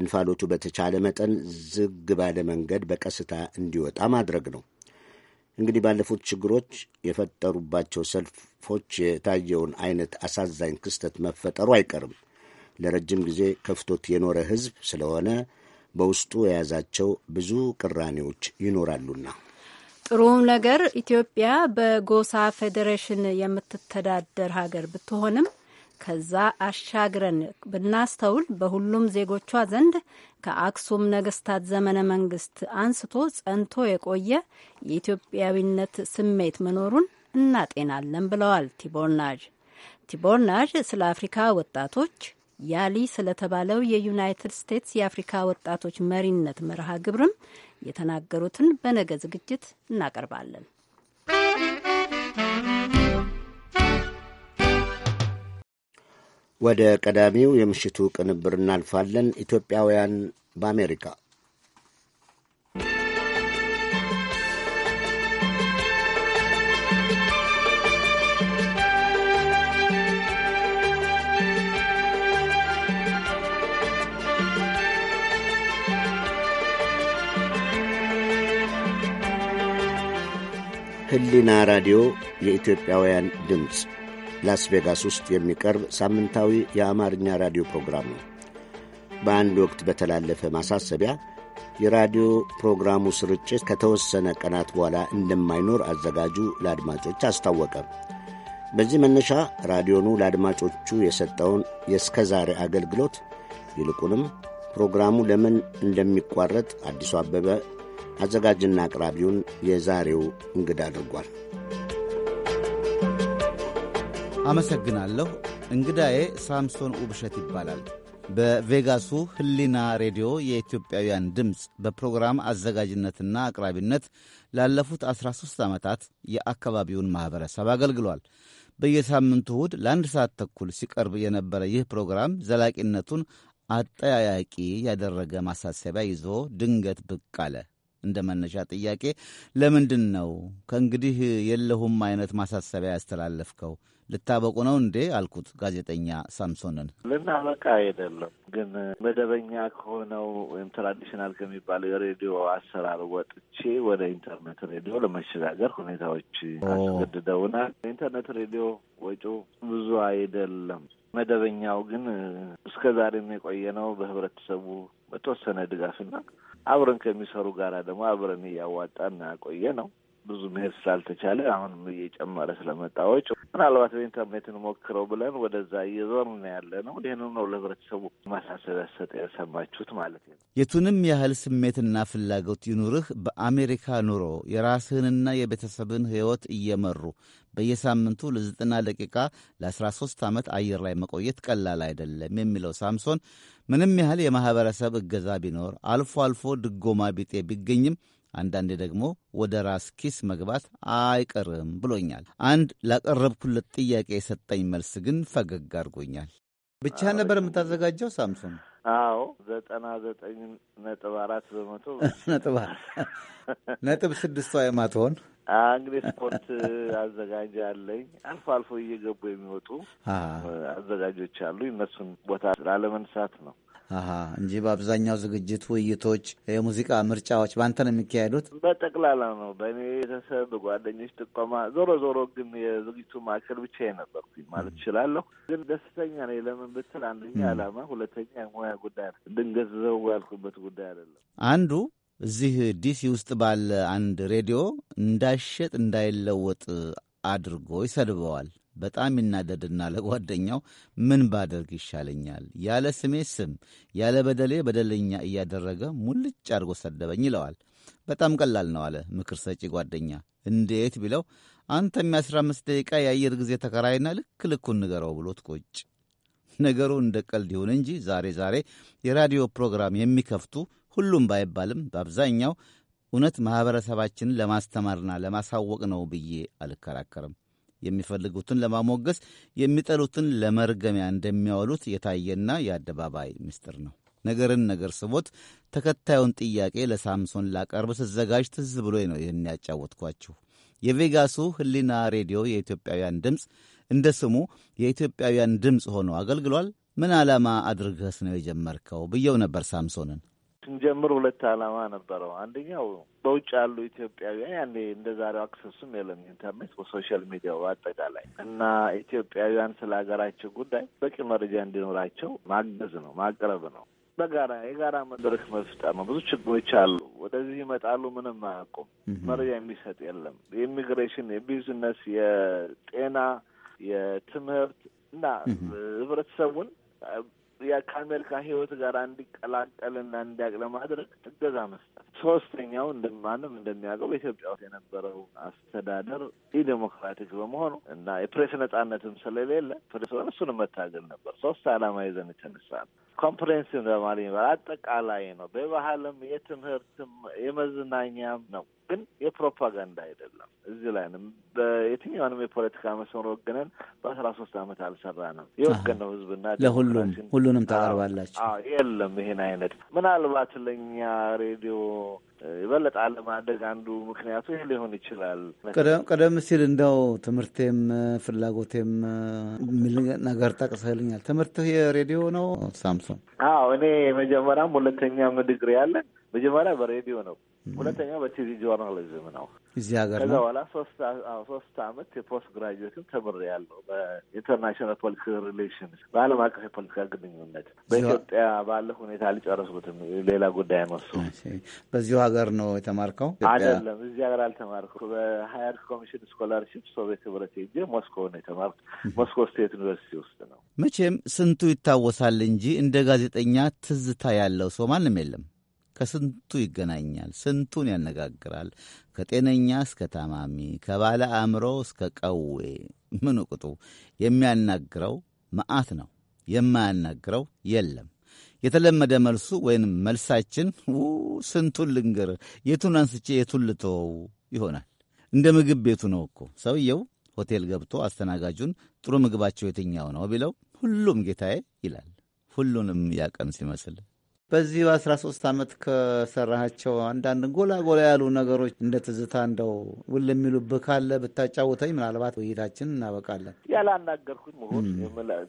Speaker 1: እንፋሎቱ በተቻለ መጠን ዝግ ባለ መንገድ በቀስታ እንዲወጣ ማድረግ ነው። እንግዲህ ባለፉት ችግሮች የፈጠሩባቸው ሰልፎች የታየውን አይነት አሳዛኝ ክስተት መፈጠሩ አይቀርም። ለረጅም ጊዜ ከፍቶት የኖረ ሕዝብ ስለሆነ በውስጡ የያዛቸው ብዙ ቅራኔዎች ይኖራሉና
Speaker 9: ጥሩ ነገር ኢትዮጵያ በጎሳ ፌዴሬሽን የምትተዳደር ሀገር ብትሆንም ከዛ አሻግረን ብናስተውል በሁሉም ዜጎቿ ዘንድ ከአክሱም ነገስታት ዘመነ መንግስት አንስቶ ጸንቶ የቆየ የኢትዮጵያዊነት ስሜት መኖሩን እናጤናለን ብለዋል ቲቦር ናዥ። ስለ አፍሪካ ወጣቶች ያሊ ስለተባለው የዩናይትድ ስቴትስ የአፍሪካ ወጣቶች መሪነት መርሃ ግብርም የተናገሩትን በነገ ዝግጅት እናቀርባለን።
Speaker 1: ወደ ቀዳሚው የምሽቱ ቅንብር እናልፋለን። ኢትዮጵያውያን በአሜሪካ ህሊና ራዲዮ የኢትዮጵያውያን ድምፅ ላስ ቬጋስ ውስጥ የሚቀርብ ሳምንታዊ የአማርኛ ራዲዮ ፕሮግራም ነው። በአንድ ወቅት በተላለፈ ማሳሰቢያ የራዲዮ ፕሮግራሙ ስርጭት ከተወሰነ ቀናት በኋላ እንደማይኖር አዘጋጁ ለአድማጮች አስታወቀ። በዚህ መነሻ ራዲዮኑ ለአድማጮቹ የሰጠውን የእስከ ዛሬ አገልግሎት ይልቁንም ፕሮግራሙ ለምን እንደሚቋረጥ አዲሱ አበበ አዘጋጅና አቅራቢውን የዛሬው እንግዳ አድርጓል።
Speaker 5: አመሰግናለሁ። እንግዳዬ ሳምሶን ውብሸት ይባላል። በቬጋሱ ህሊና ሬዲዮ የኢትዮጵያውያን ድምፅ በፕሮግራም አዘጋጅነትና አቅራቢነት ላለፉት 13 ዓመታት የአካባቢውን ማኅበረሰብ አገልግሏል። በየሳምንቱ እሁድ ለአንድ ሰዓት ተኩል ሲቀርብ የነበረ ይህ ፕሮግራም ዘላቂነቱን አጠያያቂ ያደረገ ማሳሰቢያ ይዞ ድንገት ብቅ አለ። እንደ መነሻ ጥያቄ ለምንድን ነው ከእንግዲህ የለሁም አይነት ማሳሰቢያ ያስተላለፍከው? ልታበቁ ነው እንዴ አልኩት ጋዜጠኛ ሳምሶንን።
Speaker 10: ልናበቃ አይደለም ግን መደበኛ ከሆነው ወይም ትራዲሽናል ከሚባለው የሬዲዮ አሰራር ወጥቼ ወደ ኢንተርኔት ሬዲዮ ለመሸጋገር ሁኔታዎች አስገድደውናል። ኢንተርኔት ሬዲዮ ወጪው ብዙ አይደለም። መደበኛው ግን እስከ ዛሬም የቆየ ነው። በህብረተሰቡ በተወሰነ ድጋፍና አብረን ከሚሰሩ ጋራ ደግሞ አብረን እያዋጣን ያቆየ ነው። ብዙ መሄድ ስላልተቻለ አሁንም እየጨመረ ስለመጣ ወጪ ምናልባት በኢንተርኔት ሞክረው ብለን ወደዛ እየዞርን ነው ያለ ነው። ይህንን ነው ለህብረተሰቡ ማሳሰቢያ ሰጠ የሰማችሁት ማለት ነው።
Speaker 5: የቱንም ያህል ስሜትና ፍላጎት ይኑርህ፣ በአሜሪካ ኑሮ የራስህንና የቤተሰብን ህይወት እየመሩ በየሳምንቱ ለዘጠና ደቂቃ ለ13 ዓመት አየር ላይ መቆየት ቀላል አይደለም የሚለው ሳምሶን ምንም ያህል የማኅበረሰብ እገዛ ቢኖር አልፎ አልፎ ድጎማ ቢጤ ቢገኝም አንዳንዴ ደግሞ ወደ ራስ ኪስ መግባት አይቀርም ብሎኛል። አንድ ላቀረብኩለት ጥያቄ የሰጠኝ መልስ ግን ፈገግ አድርጎኛል። ብቻ ነበር የምታዘጋጀው ሳምሶን?
Speaker 10: አዎ ዘጠና ዘጠኝ ነጥብ አራት በመቶ
Speaker 5: ነጥብ ስድስቷ የማትሆን
Speaker 10: እንግዲህ ስፖርት አዘጋጅ አለኝ። አልፎ አልፎ እየገቡ የሚወጡ አዘጋጆች አሉ። እነሱን ቦታ ላለመንሳት ነው
Speaker 5: እንጂ በአብዛኛው ዝግጅት፣ ውይይቶች፣ የሙዚቃ ምርጫዎች በአንተ ነው የሚካሄዱት?
Speaker 10: በጠቅላላ ነው በእኔ ቤተሰብ፣ በጓደኞች ጥቆማ። ዞሮ ዞሮ ግን የዝግጅቱ ማዕከል ብቻ የነበርኩኝ ማለት እችላለሁ። ግን ደስተኛ ነኝ። ለምን ብትል አንደኛ አላማ ሁለተኛ የሙያ ጉዳይ፣ ድንገት ዘው ያልኩበት ጉዳይ አይደለም።
Speaker 5: አንዱ እዚህ ዲሲ ውስጥ ባለ አንድ ሬዲዮ እንዳይሸጥ እንዳይለወጥ አድርጎ ይሰድበዋል። በጣም ይናደድና ለጓደኛው ምን ባደርግ ይሻለኛል? ያለ ስሜ ስም ያለ በደሌ በደለኛ እያደረገ ሙልጭ አድርጎ ሰደበኝ ይለዋል። በጣም ቀላል ነው አለ ምክር ሰጪ ጓደኛ። እንዴት ቢለው አንተ የአስራ አምስት ደቂቃ የአየር ጊዜ ተከራይና ልክ ልኩን ንገረው ብሎት ቆጭ ነገሩ እንደ ቀልድ ይሁን እንጂ ዛሬ ዛሬ የራዲዮ ፕሮግራም የሚከፍቱ ሁሉም ባይባልም በአብዛኛው እውነት ማኅበረሰባችንን ለማስተማርና ለማሳወቅ ነው ብዬ አልከራከርም። የሚፈልጉትን ለማሞገስ የሚጠሉትን ለመርገሚያ እንደሚያወሉት የታየና የአደባባይ ምስጢር ነው። ነገርን ነገር ስቦት ተከታዩን ጥያቄ ለሳምሶን ላቀርብ ስዘጋጅ ትዝ ብሎኝ ነው ይህን ያጫወትኳችሁ። የቬጋሱ ህሊና ሬዲዮ የኢትዮጵያውያን ድምፅ እንደ ስሙ የኢትዮጵያውያን ድምፅ ሆኖ አገልግሏል። ምን ዓላማ አድርገስ ነው የጀመርከው ብየው ነበር ሳምሶንን
Speaker 10: ስንጀምር ሁለት ዓላማ ነበረው። አንደኛው በውጭ ያሉ ኢትዮጵያውያን ያኔ እንደ ዛሬው አክሰሱም የለም ኢንተርኔት፣ በሶሻል ሚዲያው አጠቃላይ እና ኢትዮጵያውያን ስለ ሀገራቸው ጉዳይ በቂ መረጃ እንዲኖራቸው ማገዝ ነው፣ ማቅረብ ነው። በጋራ የጋራ መድረክ መፍጠር ነው። ብዙ ችግሮች አሉ። ወደዚህ ይመጣሉ፣ ምንም አያውቁም። መረጃ የሚሰጥ የለም። የኢሚግሬሽን፣ የቢዝነስ፣ የጤና፣ የትምህርት እና ህብረተሰቡን ከአሜሪካ ህይወት ጋር እንዲቀላቀልና እንዲያቅ ለማድረግ እገዛ መስጠት። ሶስተኛው እንደማንም እንደሚያውቀው በኢትዮጵያ ውስጥ የነበረው አስተዳደር ኢዴሞክራቲክ በመሆኑ እና የፕሬስ ነጻነትም ስለሌለ ፕሬስ ሆን እሱንም መታገል ነበር። ሶስት አላማ ይዘን የተነሳ ነው። ኮምፕሬንሲቭ ለማለት አጠቃላይ ነው። በባህልም የትምህርትም የመዝናኛም ነው። ግን የፕሮፓጋንዳ አይደለም። እዚህ ላይንም በየትኛውንም የፖለቲካ መስመር ወገነን በአስራ ሶስት አመት አልሰራንም። የወገን ነው ህዝብና
Speaker 5: ለሁሉም ሁሉንም ታቀርባላችሁ።
Speaker 10: የለም ይሄን አይነት ምናልባት ለእኛ ሬዲዮ የበለጠ አለማደግ አንዱ ምክንያቱ ይህ ሊሆን ይችላል።
Speaker 5: ቀደም ሲል እንደው ትምህርቴም ፍላጎቴም የሚል ነገር ጠቅሰልኛል። ትምህርትህ የሬዲዮ ነው ሳምሶን?
Speaker 10: አዎ እኔ መጀመሪያም ሁለተኛም ዲግሪ ያለን መጀመሪያ በሬዲዮ ነው ሁለተኛው በቲቪ ጆርናሊዝም ነው እዚህ ሀገር ከዛ በኋላ ሶስት አመት የፖስት ግራጁዌትም ተምሬያለሁ በኢንተርናሽናል ፖለቲካል ሪሌሽን በአለም አቀፍ የፖለቲካ ግንኙነት በኢትዮጵያ ባለ ሁኔታ አልጨረስኩትም። ሌላ ጉዳይ ነው እሱ።
Speaker 5: በዚሁ ሀገር ነው የተማርከው? አይደለም
Speaker 10: እዚህ ሀገር አልተማርኩ። በሀያር ኮሚሽን ስኮላርሽፕ ሶቪየት ህብረት ሄጄ ሞስኮ ነው የተማርኩት። ሞስኮ ስቴት ዩኒቨርሲቲ ውስጥ
Speaker 5: ነው። መቼም ስንቱ ይታወሳል እንጂ እንደ ጋዜጠኛ ትዝታ ያለው ሰው ማንም የለም። ከስንቱ ይገናኛል፣ ስንቱን ያነጋግራል። ከጤነኛ እስከ ታማሚ፣ ከባለ አእምሮ እስከ ቀዌ ምኑ ቅጡ የሚያናግረው መዓት ነው። የማያናግረው የለም። የተለመደ መልሱ ወይም መልሳችን ስንቱን ልንገር፣ የቱን አንስቼ የቱን ልተወው ይሆናል። እንደ ምግብ ቤቱ ነው እኮ ሰውየው ሆቴል ገብቶ አስተናጋጁን ጥሩ ምግባቸው የትኛው ነው ቢለው ሁሉም ጌታዬ ይላል። ሁሉንም ያቀምስ ይመስል በዚህ በአስራ ሶስት ዓመት ከሰራሃቸው አንዳንድ ጎላ ጎላ ያሉ ነገሮች እንደ ትዝታ እንደው ውል የሚሉብህ ካለ ብታጫውተኝ፣ ምናልባት ውይይታችን እናበቃለን።
Speaker 10: ያላናገርኩኝ መሆን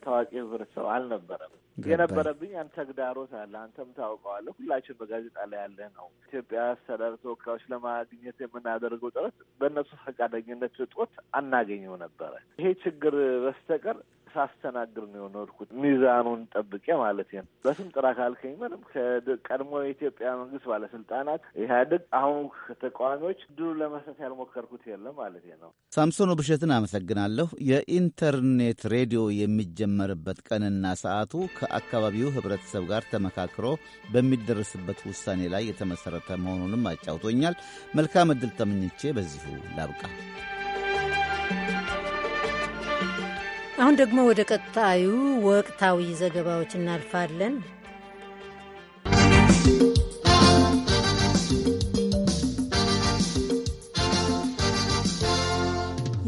Speaker 10: ታዋቂ ህብረተሰብ አልነበረም። የነበረብኝ አንድ ተግዳሮት አለ። አንተም ታውቀዋለህ። ሁላችን በጋዜጣ ላይ ያለ ነው። ኢትዮጵያ አስተዳደር ተወካዮች ለማግኘት የምናደርገው ጥረት በእነሱ ፈቃደኝነት እጦት አናገኘው ነበረ። ይሄ ችግር በስተቀር ሳስተናግድ ነው የኖርኩት፣ ሚዛኑን ጠብቄ ማለት ነው። በስም ጥራ ካልከኝ ምንም ከቀድሞ የኢትዮጵያ መንግስት ባለስልጣናት ኢህአዴግ፣ አሁን ከተቃዋሚዎች ድሉ ለመስጠት ያልሞከርኩት የለም ማለት ነው።
Speaker 5: ሳምሶን ብሸትን አመሰግናለሁ። የኢንተርኔት ሬዲዮ የሚጀመርበት ቀንና ሰዓቱ ከአካባቢው ህብረተሰብ ጋር ተመካክሮ በሚደረስበት ውሳኔ ላይ የተመሰረተ መሆኑንም አጫውቶኛል። መልካም ዕድል ተመኝቼ በዚሁ ላብቃ።
Speaker 2: አሁን ደግሞ ወደ ቀጣዩ ወቅታዊ ዘገባዎች እናልፋለን።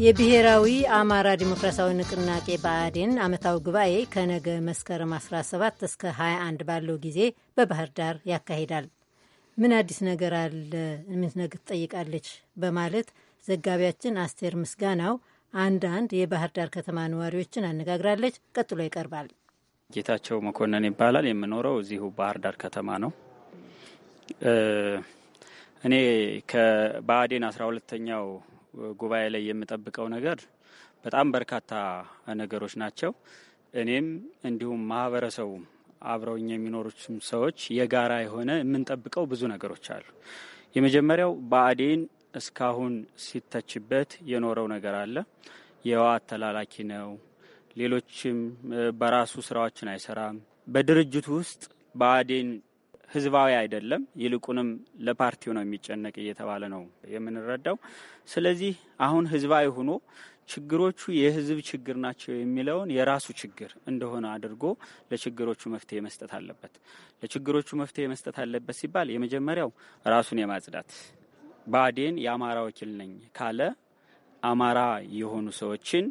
Speaker 2: የብሔራዊ አማራ ዲሞክራሲያዊ ንቅናቄ ብአዴን ዓመታዊ ጉባኤ ከነገ መስከረም 17 እስከ 21 ባለው ጊዜ በባህር ዳር ያካሂዳል። ምን አዲስ ነገር አለ? ምን ነገር ትጠይቃለች? በማለት ዘጋቢያችን አስቴር ምስጋናው አንዳንድ የባህር ዳር ከተማ ነዋሪዎችን አነጋግራለች። ቀጥሎ ይቀርባል።
Speaker 11: ጌታቸው መኮንን ይባላል። የምኖረው እዚሁ ባህር ዳር ከተማ ነው። እኔ ከባአዴን አስራ ሁለተኛው ጉባኤ ላይ የምጠብቀው ነገር በጣም በርካታ ነገሮች ናቸው። እኔም እንዲሁም ማህበረሰቡ አብረውኝ የሚኖሩትም ሰዎች የጋራ የሆነ የምንጠብቀው ብዙ ነገሮች አሉ። የመጀመሪያው ብአዴን እስካሁን ሲተችበት የኖረው ነገር አለ። የዋ አተላላኪ ነው፣ ሌሎችም በራሱ ስራዎችን አይሰራም። በድርጅቱ ውስጥ በአዴን ህዝባዊ አይደለም፣ ይልቁንም ለፓርቲው ነው የሚጨነቅ እየተባለ ነው የምንረዳው። ስለዚህ አሁን ህዝባዊ ሆኖ ችግሮቹ የህዝብ ችግር ናቸው የሚለውን የራሱ ችግር እንደሆነ አድርጎ ለችግሮቹ መፍትሄ መስጠት አለበት። ለችግሮቹ መፍትሄ መስጠት አለበት ሲባል የመጀመሪያው ራሱን የማጽዳት ባዴን የአማራ ወኪል ነኝ ካለ አማራ የሆኑ ሰዎችን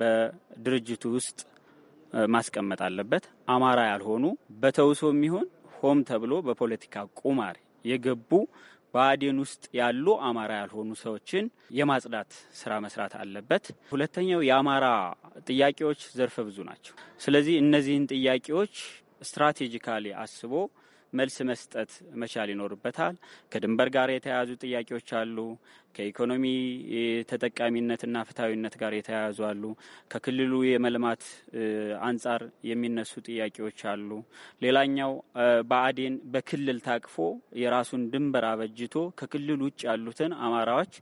Speaker 11: በድርጅቱ ውስጥ ማስቀመጥ አለበት። አማራ ያልሆኑ በተውሶ የሚሆን ሆም ተብሎ በፖለቲካ ቁማር የገቡ በአዴን ውስጥ ያሉ አማራ ያልሆኑ ሰዎችን የማጽዳት ስራ መስራት አለበት። ሁለተኛው የአማራ ጥያቄዎች ዘርፈ ብዙ ናቸው። ስለዚህ እነዚህን ጥያቄዎች ስትራቴጂካሊ አስቦ መልስ መስጠት መቻል ይኖርበታል። ከድንበር ጋር የተያያዙ ጥያቄዎች አሉ። ከኢኮኖሚ ተጠቃሚነትና ፍትሐዊነት ጋር የተያያዙ አሉ። ከክልሉ የመልማት አንጻር የሚነሱ ጥያቄዎች አሉ። ሌላኛው በአዴን በክልል ታቅፎ የራሱን ድንበር አበጅቶ ከክልል ውጭ ያሉትን አማራዎች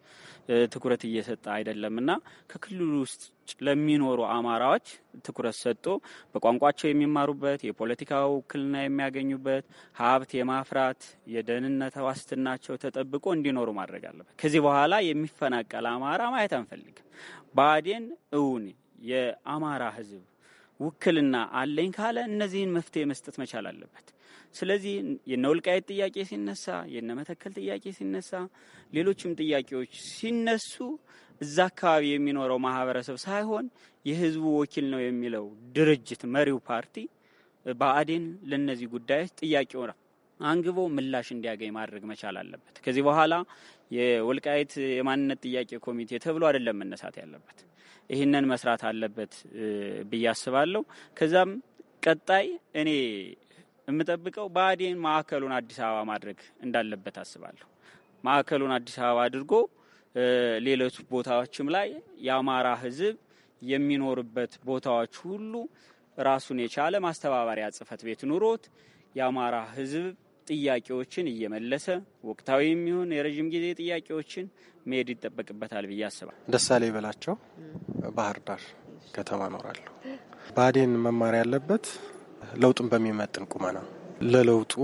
Speaker 11: ትኩረት እየሰጠ አይደለምና ከክልሉ ውስጥ ለሚኖሩ አማራዎች ትኩረት ሰጥቶ በቋንቋቸው የሚማሩበት የፖለቲካ ውክልና የሚያገኙበት ሀብት የማፍራት የደህንነት ዋስትናቸው ተጠብቆ እንዲኖሩ ማድረግ አለበት። ከዚህ በኋላ የሚፈናቀል አማራ ማየት አንፈልግም። ብአዴን እውን የአማራ ህዝብ ውክልና አለኝ ካለ እነዚህን መፍትሄ መስጠት መቻል አለበት። ስለዚህ የነ ወልቃየት ጥያቄ ሲነሳ፣ የነ መተከል ጥያቄ ሲነሳ፣ ሌሎችም ጥያቄዎች ሲነሱ እዛ አካባቢ የሚኖረው ማህበረሰብ ሳይሆን የህዝቡ ወኪል ነው የሚለው ድርጅት መሪው ፓርቲ በአዴን ለነዚህ ጉዳዮች ጥያቄው አንግቦ ምላሽ እንዲያገኝ ማድረግ መቻል አለበት። ከዚህ በኋላ የወልቃይት የማንነት ጥያቄ ኮሚቴ ተብሎ አይደለም መነሳት ያለበት። ይህንን መስራት አለበት ብዬ አስባለሁ። ከዛም ቀጣይ እኔ የምጠብቀው ብአዴን ማዕከሉን አዲስ አበባ ማድረግ እንዳለበት አስባለሁ። ማዕከሉን አዲስ አበባ አድርጎ ሌሎች ቦታዎችም ላይ የአማራ ህዝብ የሚኖርበት ቦታዎች ሁሉ ራሱን የቻለ ማስተባበሪያ ጽህፈት ቤት ኑሮት የአማራ ህዝብ ጥያቄዎችን እየመለሰ ወቅታዊ የሚሆን የረዥም ጊዜ ጥያቄዎችን መሄድ ይጠበቅበታል ብዬ አስባል።
Speaker 12: ደሳሌ በላቸው ባህር ዳር ከተማ እኖራለሁ። ብአዴን መማር ያለበት ለውጡን በሚመጥን ቁመና ለለውጡ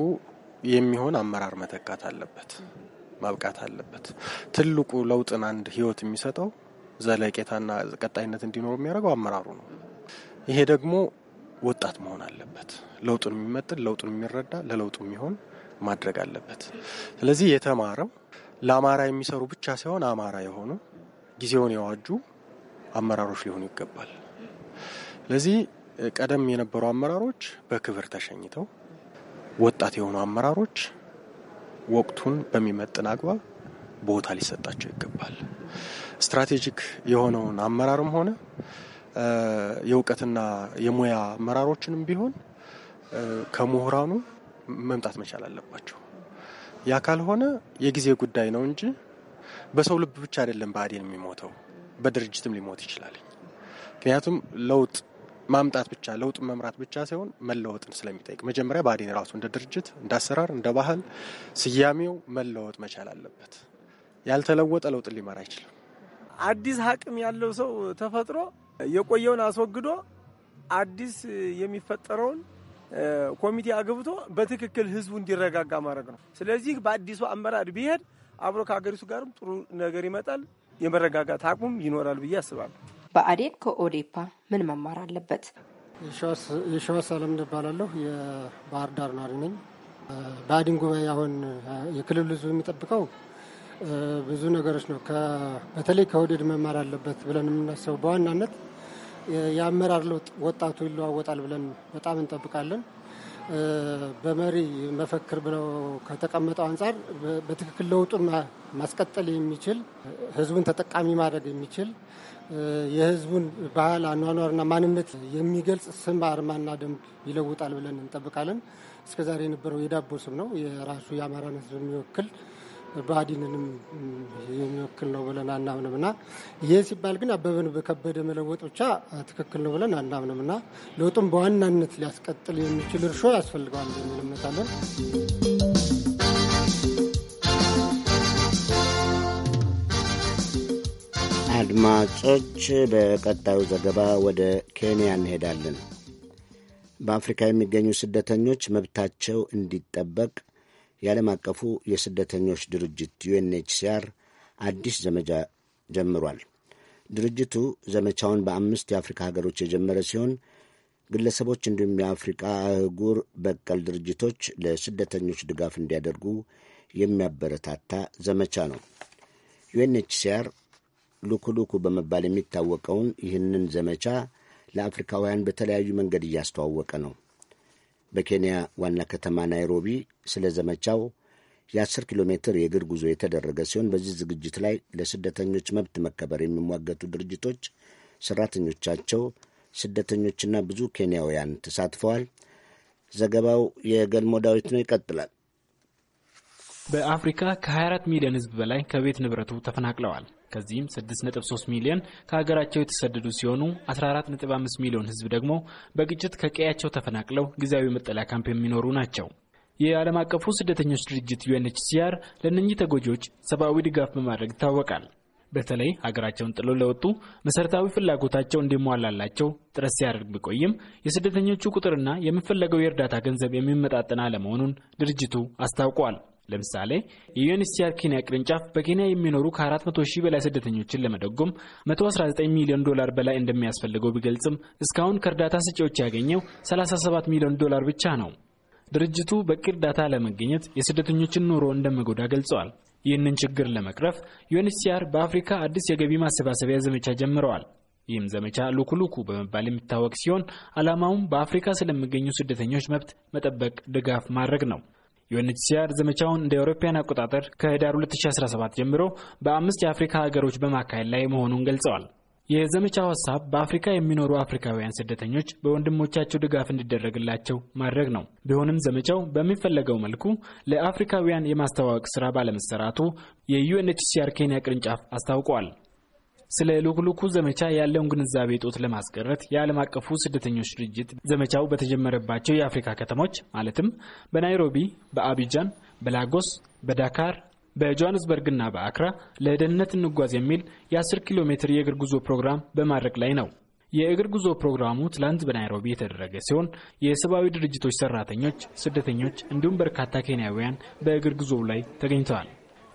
Speaker 12: የሚሆን አመራር መተካት አለበት። ማብቃት አለበት። ትልቁ ለውጥን አንድ ህይወት የሚሰጠው ዘለቄታና ቀጣይነት እንዲኖሩ የሚያደርገው አመራሩ ነው። ይሄ ደግሞ ወጣት መሆን አለበት። ለውጡን የሚመጥን ለውጡን የሚረዳ ለለውጡ የሚሆን ማድረግ አለበት። ስለዚህ የተማረው ለአማራ የሚሰሩ ብቻ ሳይሆን አማራ የሆኑ ጊዜውን የዋጁ አመራሮች ሊሆኑ ይገባል። ስለዚህ ቀደም የነበሩ አመራሮች በክብር ተሸኝተው ወጣት የሆኑ አመራሮች ወቅቱን በሚመጥን አግባብ ቦታ ሊሰጣቸው ይገባል። ስትራቴጂክ የሆነውን አመራርም ሆነ የእውቀትና የሙያ አመራሮችንም ቢሆን ከምሁራኑ መምጣት መቻል አለባቸው። ያ ካልሆነ የጊዜ ጉዳይ ነው እንጂ በሰው ልብ ብቻ አይደለም ብአዴን የሚሞተው፣ በድርጅትም ሊሞት ይችላል። ምክንያቱም ለውጥ ማምጣት ብቻ ለውጥ መምራት ብቻ ሳይሆን መለወጥን ስለሚጠይቅ መጀመሪያ ብአዴን ራሱ እንደ ድርጅት እንደ አሰራር እንደ ባህል ስያሜው
Speaker 8: መለወጥ መቻል አለበት። ያልተለወጠ ለውጥ ሊመራ አይችልም። አዲስ አቅም ያለው ሰው ተፈጥሮ የቆየውን አስወግዶ አዲስ የሚፈጠረውን ኮሚቴ አግብቶ በትክክል ህዝቡ እንዲረጋጋ ማድረግ ነው። ስለዚህ በአዲሱ አመራር ቢሄድ አብሮ ከሀገሪቱ ጋርም ጥሩ ነገር ይመጣል፣ የመረጋጋት አቅሙም ይኖራል
Speaker 2: ብዬ አስባለሁ። በአዴን ከኦዴፓ ምን መማር አለበት?
Speaker 1: የሸዋስ አለምነህ እባላለሁ። የባህር ዳር ነዋሪ ነኝ። ብአዴን ጉባኤ አሁን የክልሉ ህዝብ የሚጠብቀው ብዙ ነገሮች ነው። በተለይ ከወደድ መማር አለበት ብለን የምናስበው በዋናነት የአመራር ለውጥ ወጣቱ ይለዋወጣል ብለን በጣም እንጠብቃለን። በመሪ መፈክር ብለው ከተቀመጠው አንጻር በትክክል ለውጡን ማስቀጠል የሚችል ህዝቡን ተጠቃሚ ማድረግ የሚችል የህዝቡን ባህል አኗኗርና ማንነት የሚገልጽ ስም አርማና ደንብ
Speaker 6: ይለውጣል ብለን እንጠብቃለን። ዛሬ የነበረው የዳቦ ስም ነው። የራሱ የአማራን ህዝብ የሚወክል
Speaker 8: ባዲንንም የሚወክል ነው ብለን አናምንም እና ይህ ሲባል ግን
Speaker 6: አበበን በከበደ መለወጥ ብቻ ትክክል ነው ብለን አናምንም እና ለውጡም በዋናነት ሊያስቀጥል የሚችል እርሾ ያስፈልገዋል የሚል እምነት አለን።
Speaker 1: አድማጮች፣ በቀጣዩ ዘገባ ወደ ኬንያ እንሄዳለን። በአፍሪካ የሚገኙ ስደተኞች መብታቸው እንዲጠበቅ የዓለም አቀፉ የስደተኞች ድርጅት ዩኤንኤችሲአር አዲስ ዘመቻ ጀምሯል። ድርጅቱ ዘመቻውን በአምስት የአፍሪካ ሀገሮች የጀመረ ሲሆን ግለሰቦች እንዲሁም የአፍሪቃ አህጉር በቀል ድርጅቶች ለስደተኞች ድጋፍ እንዲያደርጉ የሚያበረታታ ዘመቻ ነው። ዩኤንኤችሲአር ሉኩሉኩ በመባል የሚታወቀውን ይህንን ዘመቻ ለአፍሪካውያን በተለያዩ መንገድ እያስተዋወቀ ነው። በኬንያ ዋና ከተማ ናይሮቢ ስለ ዘመቻው የ10 ኪሎ ሜትር የእግር ጉዞ የተደረገ ሲሆን በዚህ ዝግጅት ላይ ለስደተኞች መብት መከበር የሚሟገቱ ድርጅቶች ሰራተኞቻቸው፣ ስደተኞችና ብዙ ኬንያውያን ተሳትፈዋል። ዘገባው የገልሞ ዳዊት ነው፣ ይቀጥላል።
Speaker 13: በአፍሪካ ከ24 ሚሊዮን ሕዝብ በላይ ከቤት ንብረቱ ተፈናቅለዋል። ከዚህም 6.3 ሚሊዮን ከሀገራቸው የተሰደዱ ሲሆኑ 14.5 ሚሊዮን ህዝብ ደግሞ በግጭት ከቀያቸው ተፈናቅለው ጊዜያዊ መጠለያ ካምፕ የሚኖሩ ናቸው። የዓለም አቀፉ ስደተኞች ድርጅት ዩኤንኤችሲአር ለእነኚህ ተጎጂዎች ሰብአዊ ድጋፍ በማድረግ ይታወቃል። በተለይ ሀገራቸውን ጥለው ለወጡ መሰረታዊ ፍላጎታቸው እንዲሟላላቸው ጥረት ሲያደርግ ቢቆይም የስደተኞቹ ቁጥርና የሚፈለገው የእርዳታ ገንዘብ የሚመጣጠን አለመሆኑን ድርጅቱ አስታውቋል። ለምሳሌ የዩኤንኤችሲአር ኬንያ ቅርንጫፍ በኬንያ የሚኖሩ ከ400 ሺህ በላይ ስደተኞችን ለመደጎም 119 ሚሊዮን ዶላር በላይ እንደሚያስፈልገው ቢገልጽም እስካሁን ከእርዳታ ሰጪዎች ያገኘው 37 ሚሊዮን ዶላር ብቻ ነው። ድርጅቱ በቂ እርዳታ ለመገኘት የስደተኞችን ኑሮ እንደመጎዳ ገልጸዋል። ይህንን ችግር ለመቅረፍ ዩኤንኤችሲአር በአፍሪካ አዲስ የገቢ ማሰባሰቢያ ዘመቻ ጀምረዋል። ይህም ዘመቻ ሉኩሉኩ በመባል የሚታወቅ ሲሆን ዓላማውም በአፍሪካ ስለሚገኙ ስደተኞች መብት መጠበቅ ድጋፍ ማድረግ ነው። ዩኤንኤችሲአር ዘመቻውን እንደ አውሮፓውያን አቆጣጠር ከህዳር 2017 ጀምሮ በአምስት የአፍሪካ ሀገሮች በማካሄድ ላይ መሆኑን ገልጸዋል። የዘመቻው ሀሳብ በአፍሪካ የሚኖሩ አፍሪካውያን ስደተኞች በወንድሞቻቸው ድጋፍ እንዲደረግላቸው ማድረግ ነው። ቢሆንም ዘመቻው በሚፈለገው መልኩ ለአፍሪካውያን የማስተዋወቅ ስራ ባለመሰራቱ የዩኤንኤችሲአር ኬንያ ቅርንጫፍ አስታውቀዋል። ስለ ሉክሉኩ ዘመቻ ያለውን ግንዛቤ እጦት ለማስቀረት የዓለም አቀፉ ስደተኞች ድርጅት ዘመቻው በተጀመረባቸው የአፍሪካ ከተሞች ማለትም በናይሮቢ፣ በአቢጃን፣ በላጎስ፣ በዳካር፣ በጆሃንስበርግና በአክራ ለደህንነት እንጓዝ የሚል የ10 ኪሎ ሜትር የእግር ጉዞ ፕሮግራም በማድረግ ላይ ነው። የእግር ጉዞ ፕሮግራሙ ትላንት በናይሮቢ የተደረገ ሲሆን የሰብአዊ ድርጅቶች ሰራተኞች፣ ስደተኞች እንዲሁም በርካታ ኬንያውያን በእግር ጉዞው ላይ ተገኝተዋል።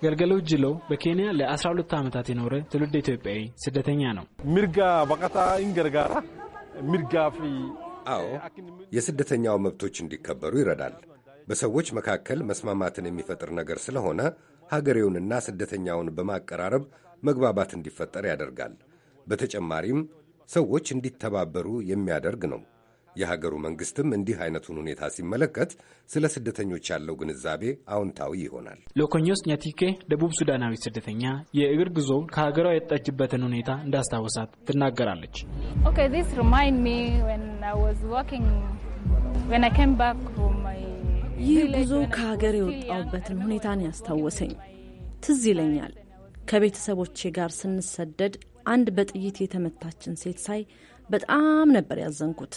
Speaker 13: ገልገሎ ጅሎ በኬንያ ለ12 ዓመታት የኖረ ትውልድ ኢትዮጵያዊ ስደተኛ ነው።
Speaker 4: ሚርጋ በቀታ ኢንገርጋራ ሚርጋፊ አዎ፣ የስደተኛው መብቶች እንዲከበሩ ይረዳል። በሰዎች መካከል መስማማትን የሚፈጥር ነገር ስለሆነ ሀገሬውንና ስደተኛውን በማቀራረብ መግባባት እንዲፈጠር ያደርጋል። በተጨማሪም ሰዎች እንዲተባበሩ የሚያደርግ ነው። የሀገሩ መንግስትም እንዲህ አይነቱን ሁኔታ ሲመለከት ስለ ስደተኞች ያለው ግንዛቤ አዎንታዊ ይሆናል።
Speaker 13: ሎኮኞስ ኛቲኬ ደቡብ ሱዳናዊት ስደተኛ የእግር ጉዞ ከሀገሯ የወጣችበትን ሁኔታ እንዳስታወሳት ትናገራለች።
Speaker 9: ኦኬ ሪማይንድ ሚ ዌን አይ ዋዝ ወርኪንግ አይ ኬም ባክ ፍሮም ማይ
Speaker 3: ይህ ጉዞ ከሀገር የወጣሁበትን ሁኔታን ያስታወሰኝ ትዝ ይለኛል። ከቤተሰቦቼ ጋር ስንሰደድ አንድ በጥይት የተመታችን ሴት ሳይ በጣም ነበር ያዘንኩት።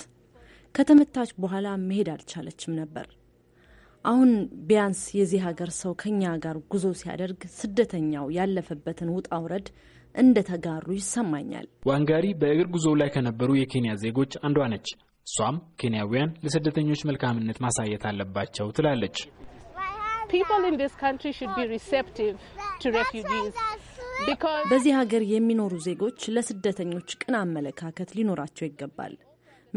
Speaker 3: ከተመታች በኋላ መሄድ አልቻለችም ነበር። አሁን ቢያንስ የዚህ ሀገር ሰው ከኛ ጋር ጉዞ ሲያደርግ ስደተኛው ያለፈበትን ውጣ ውረድ እንደ ተጋሩ ይሰማኛል።
Speaker 13: ዋንጋሪ በእግር ጉዞ ላይ ከነበሩ የኬንያ ዜጎች አንዷ ነች። እሷም ኬንያውያን ለስደተኞች መልካምነት ማሳየት አለባቸው ትላለች።
Speaker 3: በዚህ ሀገር የሚኖሩ ዜጎች ለስደተኞች ቅን አመለካከት ሊኖራቸው ይገባል።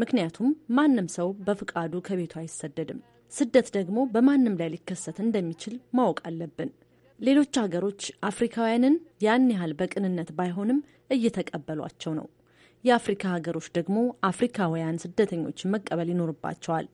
Speaker 3: ምክንያቱም ማንም ሰው በፍቃዱ ከቤቱ አይሰደድም። ስደት ደግሞ በማንም ላይ ሊከሰት እንደሚችል ማወቅ አለብን። ሌሎች ሀገሮች አፍሪካውያንን ያን ያህል በቅንነት ባይሆንም እየተቀበሏቸው ነው። የአፍሪካ ሀገሮች ደግሞ አፍሪካውያን ስደተኞችን መቀበል ይኖርባቸዋል።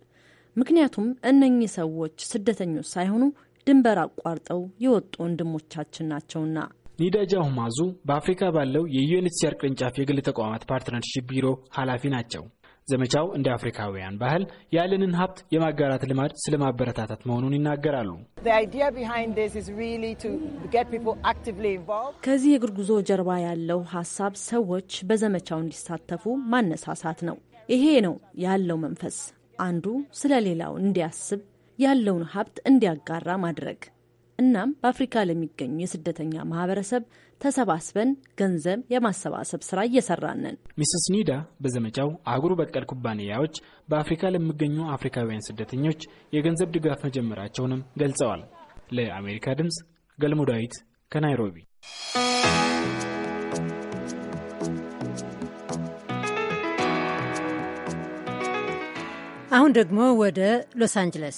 Speaker 3: ምክንያቱም እነኚህ ሰዎች ስደተኞች ሳይሆኑ ድንበር አቋርጠው የወጡ ወንድሞቻችን ናቸውና።
Speaker 13: ኒዳጃ ሁማዙ በአፍሪካ ባለው የዩኤንኤችሲአር ቅርንጫፍ የግል ተቋማት ፓርትነርሽፕ ቢሮ ኃላፊ ናቸው። ዘመቻው እንደ አፍሪካውያን ባህል ያለንን ሀብት የማጋራት ልማድ ስለማበረታታት መሆኑን ይናገራሉ።
Speaker 3: ከዚህ የእግር ጉዞ ጀርባ ያለው ሀሳብ ሰዎች በዘመቻው እንዲሳተፉ ማነሳሳት ነው። ይሄ ነው ያለው መንፈስ። አንዱ ስለ ሌላው እንዲያስብ ያለውን ሀብት እንዲያጋራ ማድረግ እናም በአፍሪካ ለሚገኙ የስደተኛ ማህበረሰብ ተሰባስበን ገንዘብ የማሰባሰብ ስራ እየሰራን ነን።
Speaker 13: ሚስስ ኒዳ በዘመቻው አህጉር በቀል ኩባንያዎች በአፍሪካ ለሚገኙ አፍሪካውያን ስደተኞች የገንዘብ ድጋፍ መጀመራቸውንም ገልጸዋል። ለአሜሪካ ድምፅ ገልሞ ዳዊት ከናይሮቢ።
Speaker 2: አሁን ደግሞ ወደ ሎስ አንጅለስ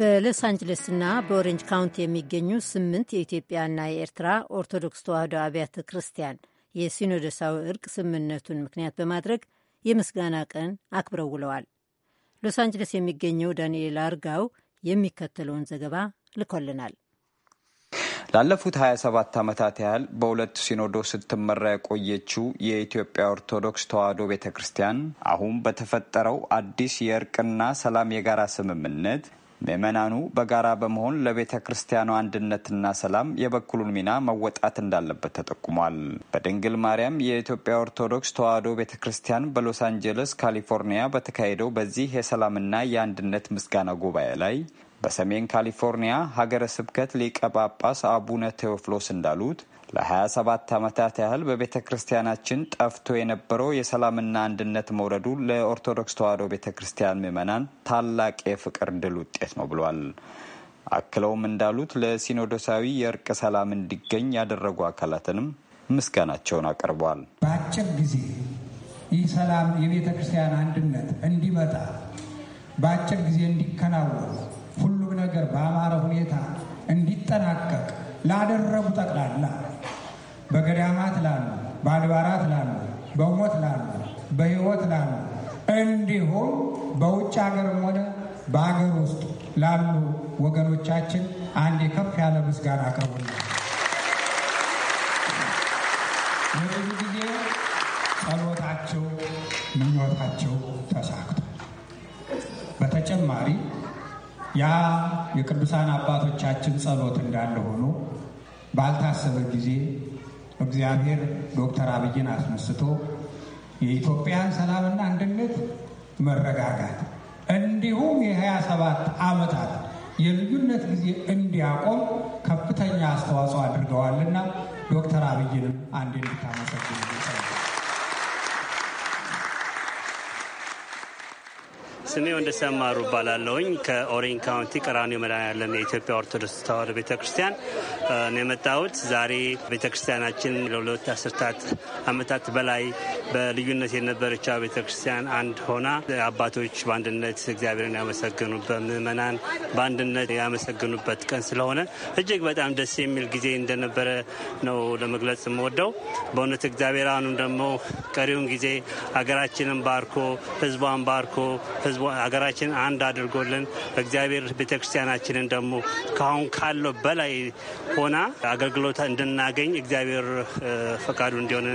Speaker 2: በሎስ አንጅለስና በኦሬንጅ ካውንቲ የሚገኙ ስምንት የኢትዮጵያና የኤርትራ ኦርቶዶክስ ተዋሕዶ አብያተ ክርስቲያን የሲኖዶሳዊ እርቅ ስምምነቱን ምክንያት በማድረግ የምስጋና ቀን አክብረው ውለዋል። ሎስ አንጅለስ የሚገኘው ዳንኤል አርጋው የሚከተለውን ዘገባ ልኮልናል።
Speaker 14: ላለፉት 27 ዓመታት ያህል በሁለት ሲኖዶስ ስትመራ የቆየችው የኢትዮጵያ ኦርቶዶክስ ተዋሕዶ ቤተ ክርስቲያን አሁን በተፈጠረው አዲስ የእርቅና ሰላም የጋራ ስምምነት ምዕመናኑ በጋራ በመሆን ለቤተ ክርስቲያኗ አንድነትና ሰላም የበኩሉን ሚና መወጣት እንዳለበት ተጠቁሟል። በድንግል ማርያም የኢትዮጵያ ኦርቶዶክስ ተዋሕዶ ቤተ ክርስቲያን በሎስ አንጀለስ ካሊፎርኒያ በተካሄደው በዚህ የሰላምና የአንድነት ምስጋና ጉባኤ ላይ በሰሜን ካሊፎርኒያ ሀገረ ስብከት ሊቀ ጳጳስ አቡነ ቴዎፍሎስ እንዳሉት ለ27 ዓመታት ያህል በቤተ ክርስቲያናችን ጠፍቶ የነበረው የሰላምና አንድነት መውረዱ ለኦርቶዶክስ ተዋሕዶ ቤተ ክርስቲያን ምዕመናን ታላቅ የፍቅር ድል ውጤት ነው ብሏል። አክለውም እንዳሉት ለሲኖዶሳዊ የእርቅ ሰላም እንዲገኝ ያደረጉ አካላትንም ምስጋናቸውን አቅርበዋል። በአጭር ጊዜ ይህ ሰላም የቤተ ክርስቲያን አንድነት እንዲመጣ በአጭር ጊዜ እንዲከናወን ነገር በአማረ ሁኔታ እንዲጠናቀቅ ላደረጉ ጠቅላላ በገዳማት ላሉ፣ በአድባራት ላሉ፣ በሞት ላሉ፣ በሕይወት ላሉ እንዲሁም በውጭ ሀገርም ሆነ በአገር ውስጥ ላሉ ወገኖቻችን አንድ ከፍ ያለ ምስጋና አቅርቡና
Speaker 4: የብዙ ጊዜ ጸሎታቸው
Speaker 14: ምኞታቸው ተሳክቷል። በተጨማሪ ያ የቅዱሳን አባቶቻችን ጸሎት እንዳለ ሆኖ ባልታሰበ ጊዜ እግዚአብሔር ዶክተር አብይን አስነስቶ የኢትዮጵያን ሰላምና አንድነት፣ መረጋጋት እንዲሁም የሀያ ሰባት ዓመታት የልዩነት ጊዜ እንዲያቆም ከፍተኛ አስተዋጽኦ አድርገዋልና ዶክተር አብይንም አንድ እንድታመሰግኑ
Speaker 11: ስሜ ወንደሰማሩ እባላለሁኝ ከኦሬን ካውንቲ ቀራኒዮ መድኃኔዓለም የኢትዮጵያ ኦርቶዶክስ ተዋሕዶ ቤተ ክርስቲያን ነው የመጣሁት። ዛሬ ቤተ ክርስቲያናችን ለሁለት አስርታት ዓመታት በላይ በልዩነት የነበረችው ቤተ ክርስቲያን አንድ ሆና አባቶች በአንድነት እግዚአብሔርን ያመሰግኑበት፣ ምእመናን በአንድነት ያመሰግኑበት ቀን ስለሆነ እጅግ በጣም ደስ የሚል ጊዜ እንደነበረ ነው ለመግለጽ የምወደው። በእውነት እግዚአብሔር አሁንም ደግሞ ቀሪውን ጊዜ ሀገራችንን ባርኮ ህዝቧን ባርኮ ህዝቧ ህዝቡ ሀገራችን አንድ አድርጎልን እግዚአብሔር ቤተክርስቲያናችንን ደግሞ ካሁን ካለው በላይ ሆና አገልግሎት እንድናገኝ እግዚአብሔር ፈቃዱ እንዲሆን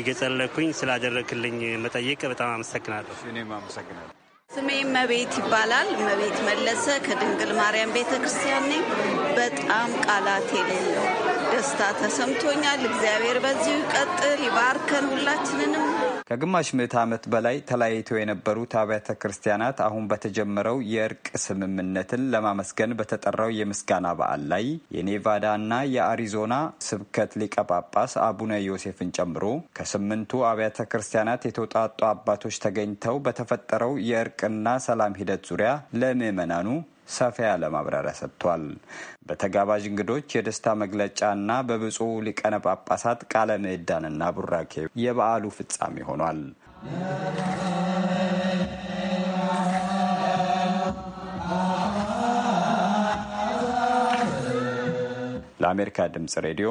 Speaker 11: እየጸለኩኝ ስላደረክልኝ መጠየቅ በጣም አመሰግናለሁ። እኔም አመሰግናለሁ።
Speaker 9: ስሜ መቤት ይባላል። መቤት መለሰ ከድንግል ማርያም ቤተ ክርስቲያን ነኝ። በጣም ቃላት የሌለው ደስታ ተሰምቶኛል። እግዚአብሔር በዚሁ ይቀጥል፣ ይባርከን ሁላችንንም
Speaker 14: ከግማሽ ምት ዓመት በላይ ተለያይተው የነበሩት አብያተ ክርስቲያናት አሁን በተጀመረው የእርቅ ስምምነትን ለማመስገን በተጠራው የምስጋና በዓል ላይ የኔቫዳና የአሪዞና ስብከት ሊቀ ጳጳስ አቡነ ዮሴፍን ጨምሮ ከስምንቱ አብያተ ክርስቲያናት የተውጣጡ አባቶች ተገኝተው በተፈጠረው የእርቅና ሰላም ሂደት ዙሪያ ለምዕመናኑ ሰፋ ያለ ማብራሪያ ሰጥቷል። በተጋባዥ እንግዶች የደስታ መግለጫና በብፁዕ ሊቀነ ጳጳሳት ቃለ ምዕዳንና ቡራኬ የበዓሉ ፍጻሜ ሆኗል። ለአሜሪካ ድምፅ ሬዲዮ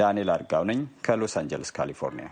Speaker 14: ዳንኤል አርጋው ነኝ ከሎስ አንጀለስ ካሊፎርኒያ።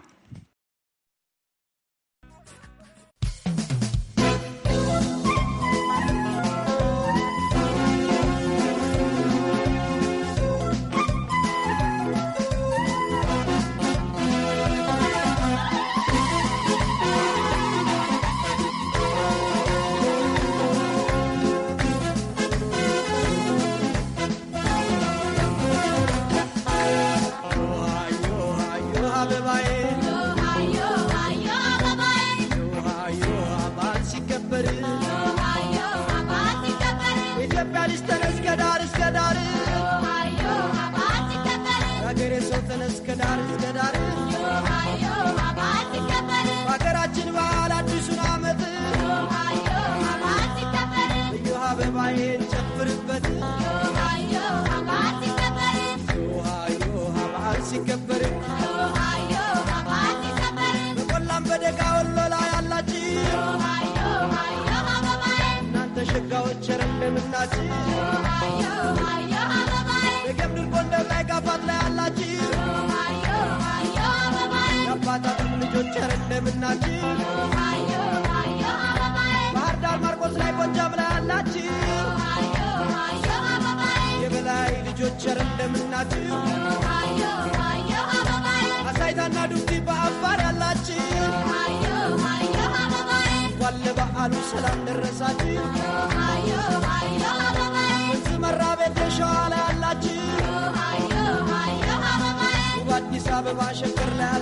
Speaker 15: በሽብር ላይ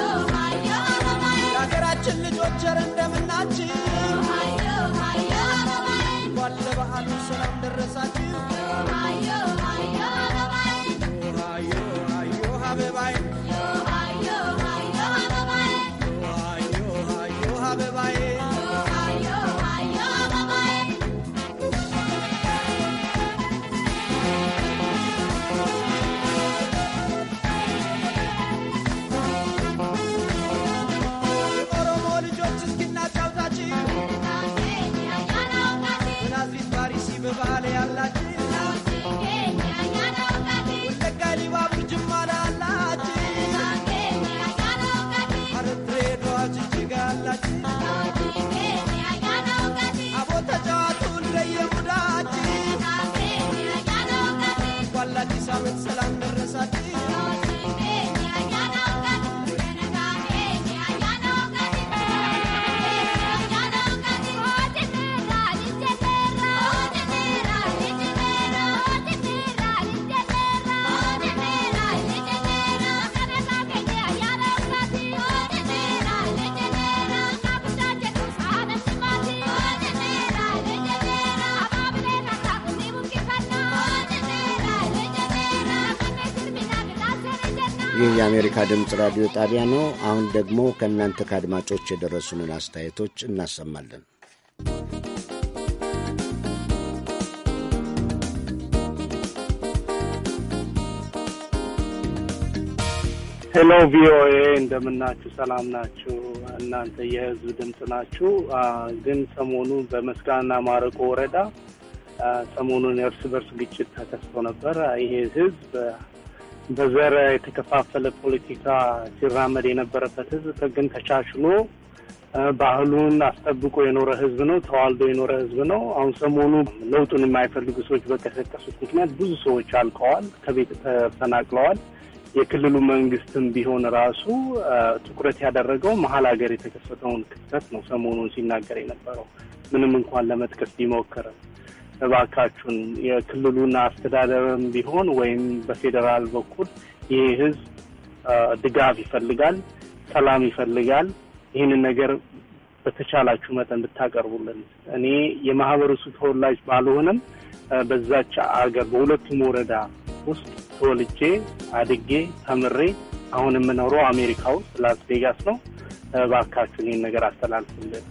Speaker 15: ያላችሁ ለሀገራችን ልጆች እንደምናችሁ
Speaker 1: የአሜሪካ ድምፅ ራዲዮ ጣቢያ ነው። አሁን ደግሞ ከእናንተ ከአድማጮች የደረሱንን አስተያየቶች እናሰማለን።
Speaker 6: ሄሎ ቪኦኤ፣ እንደምናችሁ፣ ሰላም ናችሁ? እናንተ የህዝብ ድምፅ ናችሁ። ግን ሰሞኑ በመስቃንና ማረቆ ወረዳ ሰሞኑን የእርስ በርስ ግጭት ተከስቶ ነበር። ይሄ ህዝብ በዘር የተከፋፈለ ፖለቲካ ሲራመድ የነበረበት ህዝብ ግን ተቻችሎ ባህሉን አስጠብቆ የኖረ ህዝብ ነው። ተዋልዶ የኖረ ህዝብ ነው። አሁን ሰሞኑ ለውጡን የማይፈልጉ ሰዎች በቀሰቀሱት ምክንያት ብዙ ሰዎች አልቀዋል፣ ከቤት ተፈናቅለዋል። የክልሉ መንግስትም ቢሆን ራሱ ትኩረት ያደረገው መሀል ሀገር የተከሰተውን ክስተት ነው። ሰሞኑን ሲናገር የነበረው ምንም እንኳን ለመጥቀስ ቢሞክርም እባካችሁን የክልሉን አስተዳደርም ቢሆን ወይም በፌዴራል በኩል ይህ ህዝብ ድጋፍ ይፈልጋል፣ ሰላም ይፈልጋል። ይህንን ነገር በተቻላችሁ መጠን ብታቀርቡልን። እኔ የማህበረሱ ተወላጅ ባልሆንም በዛች አገር በሁለቱም ወረዳ ውስጥ ተወልጄ አድጌ ተምሬ አሁን የምኖረው አሜሪካ ውስጥ ላስቬጋስ ነው። እባካችሁን ይህን ነገር አስተላልፉልን።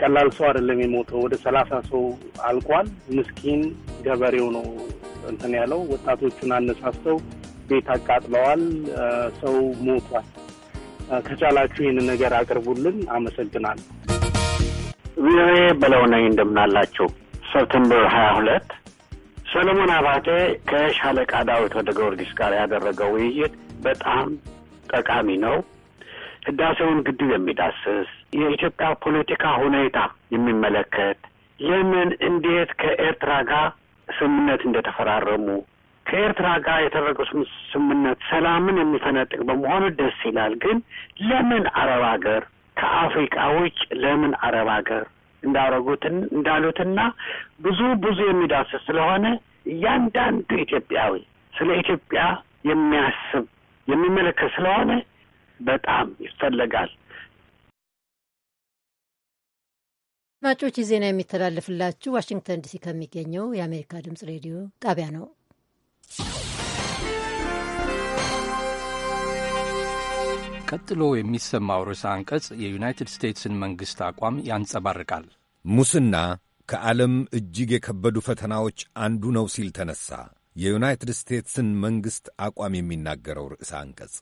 Speaker 6: ቀላል ሰው አይደለም የሞተው። ወደ ሰላሳ ሰው አልቋል። ምስኪን ገበሬው ነው እንትን ያለው። ወጣቶቹን አነሳስተው ቤት አቃጥለዋል። ሰው ሞቷል። ከቻላችሁ ይህን ነገር አቅርቡልን። አመሰግናል። ቪኦኤ በለው ነኝ። እንደምናላችሁ ሰብተምበር ሀያ ሁለት ሰለሞን አባቴ ከሻለቃ ዳዊት ወደ ጊዮርጊስ ጋር ያደረገው ውይይት በጣም ጠቃሚ ነው። ህዳሴውን ግድብ የሚዳስስ የኢትዮጵያ ፖለቲካ ሁኔታ የሚመለከት ለምን እንዴት ከኤርትራ ጋር ስምምነት እንደተፈራረሙ ከኤርትራ ጋር የተደረገው ስምምነት ሰላምን የሚፈነጥቅ በመሆኑ ደስ ይላል። ግን ለምን አረብ ሀገር ከአፍሪቃ ውጭ ለምን አረብ ሀገር እንዳረጉት እንዳሉትና ብዙ ብዙ የሚዳስስ ስለሆነ እያንዳንዱ ኢትዮጵያዊ ስለ ኢትዮጵያ የሚያስብ የሚመለከት ስለሆነ በጣም ይፈለጋል።
Speaker 2: አድማጮች ዜና የሚተላለፍላችሁ ዋሽንግተን ዲሲ ከሚገኘው የአሜሪካ ድምጽ ሬዲዮ ጣቢያ ነው።
Speaker 6: ቀጥሎ የሚሰማው ርዕሰ አንቀጽ የዩናይትድ ስቴትስን መንግሥት አቋም ያንጸባርቃል።
Speaker 4: ሙስና ከዓለም እጅግ የከበዱ ፈተናዎች አንዱ ነው ሲል ተነሳ። የዩናይትድ ስቴትስን መንግሥት አቋም የሚናገረው ርዕሰ አንቀጽ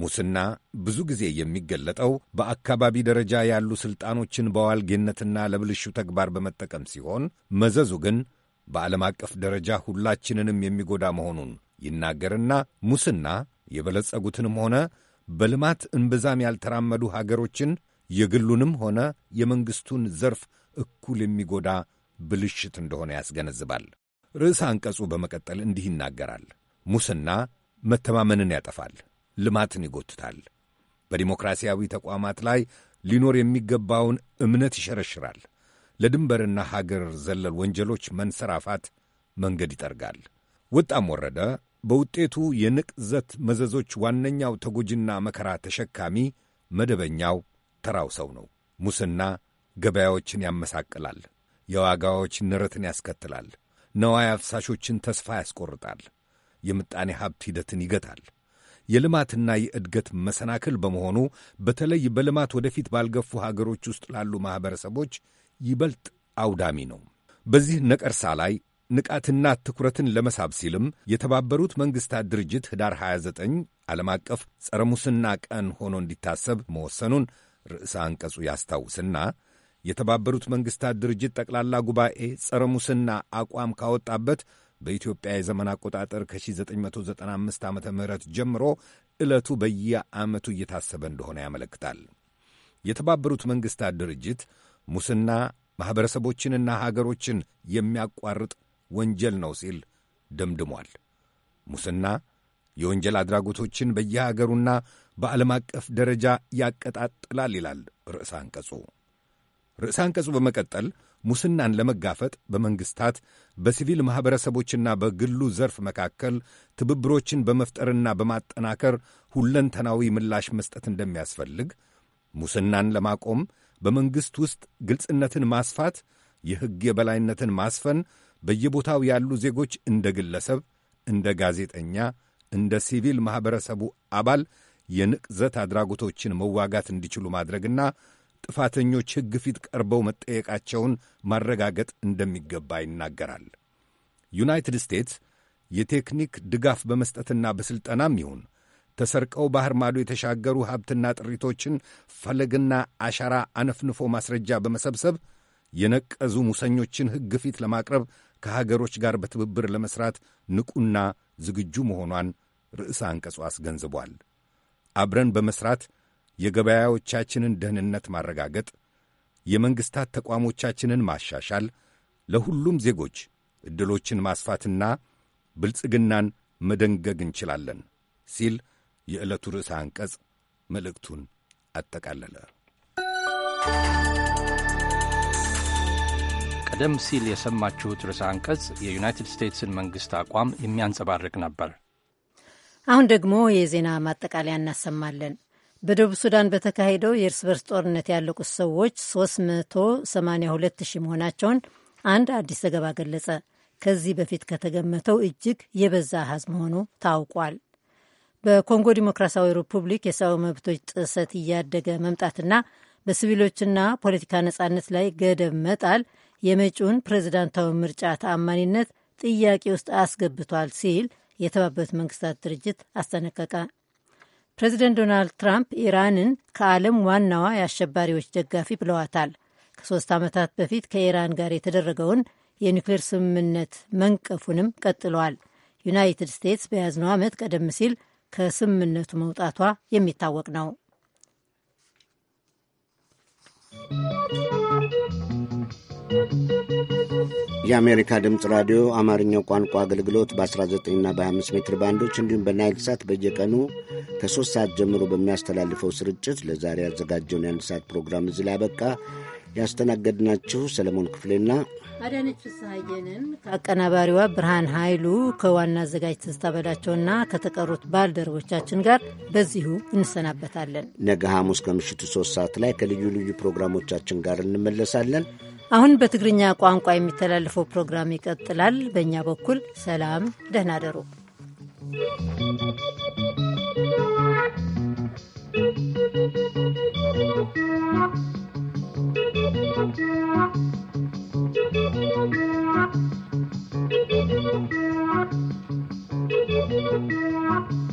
Speaker 4: ሙስና ብዙ ጊዜ የሚገለጠው በአካባቢ ደረጃ ያሉ ሥልጣኖችን በዋልጌነትና ለብልሹ ተግባር በመጠቀም ሲሆን መዘዙ ግን በዓለም አቀፍ ደረጃ ሁላችንንም የሚጎዳ መሆኑን ይናገርና ሙስና የበለጸጉትንም ሆነ በልማት እምብዛም ያልተራመዱ ሀገሮችን የግሉንም ሆነ የመንግሥቱን ዘርፍ እኩል የሚጎዳ ብልሽት እንደሆነ ያስገነዝባል። ርዕሰ አንቀጹ በመቀጠል እንዲህ ይናገራል። ሙስና መተማመንን ያጠፋል፣ ልማትን ይጎትታል። በዲሞክራሲያዊ ተቋማት ላይ ሊኖር የሚገባውን እምነት ይሸረሽራል። ለድንበርና ሀገር ዘለል ወንጀሎች መንሰራፋት መንገድ ይጠርጋል። ወጣም ወረደ በውጤቱ የንቅዘት መዘዞች ዋነኛው ተጎጂና መከራ ተሸካሚ መደበኛው ተራው ሰው ነው። ሙስና ገበያዎችን ያመሳቅላል። የዋጋዎች ንረትን ያስከትላል። ነዋይ አፍሳሾችን ተስፋ ያስቆርጣል። የምጣኔ ሀብት ሂደትን ይገታል። የልማትና የእድገት መሰናክል በመሆኑ በተለይ በልማት ወደፊት ባልገፉ ሀገሮች ውስጥ ላሉ ማኅበረሰቦች ይበልጥ አውዳሚ ነው። በዚህ ነቀርሳ ላይ ንቃትና ትኩረትን ለመሳብ ሲልም የተባበሩት መንግሥታት ድርጅት ህዳር 29 ዓለም አቀፍ ጸረ ሙስና ቀን ሆኖ እንዲታሰብ መወሰኑን ርዕሰ አንቀጹ ያስታውስና የተባበሩት መንግሥታት ድርጅት ጠቅላላ ጉባኤ ጸረ ሙስና አቋም ካወጣበት በኢትዮጵያ የዘመን አቆጣጠር ከ1995 ዓ ም ጀምሮ ዕለቱ በየዓመቱ እየታሰበ እንደሆነ ያመለክታል። የተባበሩት መንግሥታት ድርጅት ሙስና ማኅበረሰቦችንና ሀገሮችን የሚያቋርጥ ወንጀል ነው ሲል ደምድሟል። ሙስና የወንጀል አድራጎቶችን በየሀገሩና በዓለም አቀፍ ደረጃ ያቀጣጥላል ይላል ርዕሰ አንቀጹ። ርዕሰ አንቀጹ በመቀጠል ሙስናን ለመጋፈጥ በመንግሥታት በሲቪል ማኅበረሰቦችና በግሉ ዘርፍ መካከል ትብብሮችን በመፍጠርና በማጠናከር ሁለንተናዊ ምላሽ መስጠት እንደሚያስፈልግ፣ ሙስናን ለማቆም በመንግሥት ውስጥ ግልጽነትን ማስፋት፣ የሕግ የበላይነትን ማስፈን፣ በየቦታው ያሉ ዜጎች እንደ ግለሰብ፣ እንደ ጋዜጠኛ፣ እንደ ሲቪል ማኅበረሰቡ አባል የንቅዘት አድራጎቶችን መዋጋት እንዲችሉ ማድረግና ጥፋተኞች ሕግ ፊት ቀርበው መጠየቃቸውን ማረጋገጥ እንደሚገባ ይናገራል። ዩናይትድ ስቴትስ የቴክኒክ ድጋፍ በመስጠትና በሥልጠናም ይሁን ተሰርቀው ባህር ማዶ የተሻገሩ ሀብትና ጥሪቶችን ፈለግና አሻራ አነፍንፎ ማስረጃ በመሰብሰብ የነቀዙ ሙሰኞችን ሕግ ፊት ለማቅረብ ከሀገሮች ጋር በትብብር ለመሥራት ንቁና ዝግጁ መሆኗን ርዕሰ አንቀጹ አስገንዝቧል። አብረን በመሥራት የገበያዎቻችንን ደህንነት ማረጋገጥ፣ የመንግሥታት ተቋሞቻችንን ማሻሻል፣ ለሁሉም ዜጎች ዕድሎችን ማስፋትና ብልጽግናን መደንገግ እንችላለን ሲል የዕለቱ ርዕሰ አንቀጽ መልእክቱን አጠቃለለ።
Speaker 6: ቀደም ሲል የሰማችሁት ርዕሰ አንቀጽ የዩናይትድ ስቴትስን መንግሥት አቋም የሚያንጸባርቅ ነበር።
Speaker 2: አሁን ደግሞ የዜና ማጠቃለያ እናሰማለን። በደቡብ ሱዳን በተካሄደው የእርስ በርስ ጦርነት ያለቁት ሰዎች 382 ሺህ መሆናቸውን አንድ አዲስ ዘገባ ገለጸ። ከዚህ በፊት ከተገመተው እጅግ የበዛ አሃዝ መሆኑ ታውቋል። በኮንጎ ዲሞክራሲያዊ ሪፑብሊክ የሰብአዊ መብቶች ጥሰት እያደገ መምጣትና በሲቪሎችና ፖለቲካ ነጻነት ላይ ገደብ መጣል የመጪውን ፕሬዝዳንታዊ ምርጫ ተአማኒነት ጥያቄ ውስጥ አስገብቷል ሲል የተባበሩት መንግስታት ድርጅት አስጠነቀቀ። ፕሬዚደንት ዶናልድ ትራምፕ ኢራንን ከዓለም ዋናዋ የአሸባሪዎች ደጋፊ ብለዋታል። ከሶስት ዓመታት በፊት ከኢራን ጋር የተደረገውን የኒውክሌር ስምምነት መንቀፉንም ቀጥለዋል። ዩናይትድ ስቴትስ በያዝነው ዓመት ቀደም ሲል ከስምምነቱ መውጣቷ የሚታወቅ ነው።
Speaker 16: Thank you.
Speaker 1: የአሜሪካ ድምፅ ራዲዮ አማርኛው ቋንቋ አገልግሎት በ19ና በ25 ሜትር ባንዶች እንዲሁም በናይል ሳት በየቀኑ ከሦስት ሰዓት ጀምሮ በሚያስተላልፈው ስርጭት ለዛሬ ያዘጋጀውን የአንድ ሰዓት ፕሮግራም እዚህ ላይ አበቃ። ያስተናገድናችሁ ሰለሞን ክፍሌና
Speaker 2: አዳነች ፍስሐየንን ከአቀናባሪዋ ብርሃን ኃይሉ ከዋና አዘጋጅ ትዝታ በላቸውና ከተቀሩት ባልደረቦቻችን ጋር በዚሁ እንሰናበታለን።
Speaker 1: ነገ ሐሙስ ከምሽቱ ሶስት ሰዓት ላይ ከልዩ ልዩ ፕሮግራሞቻችን ጋር እንመለሳለን።
Speaker 2: አሁን በትግርኛ ቋንቋ የሚተላለፈው ፕሮግራም ይቀጥላል። በእኛ በኩል ሰላም፣ ደህና
Speaker 16: ደሩ።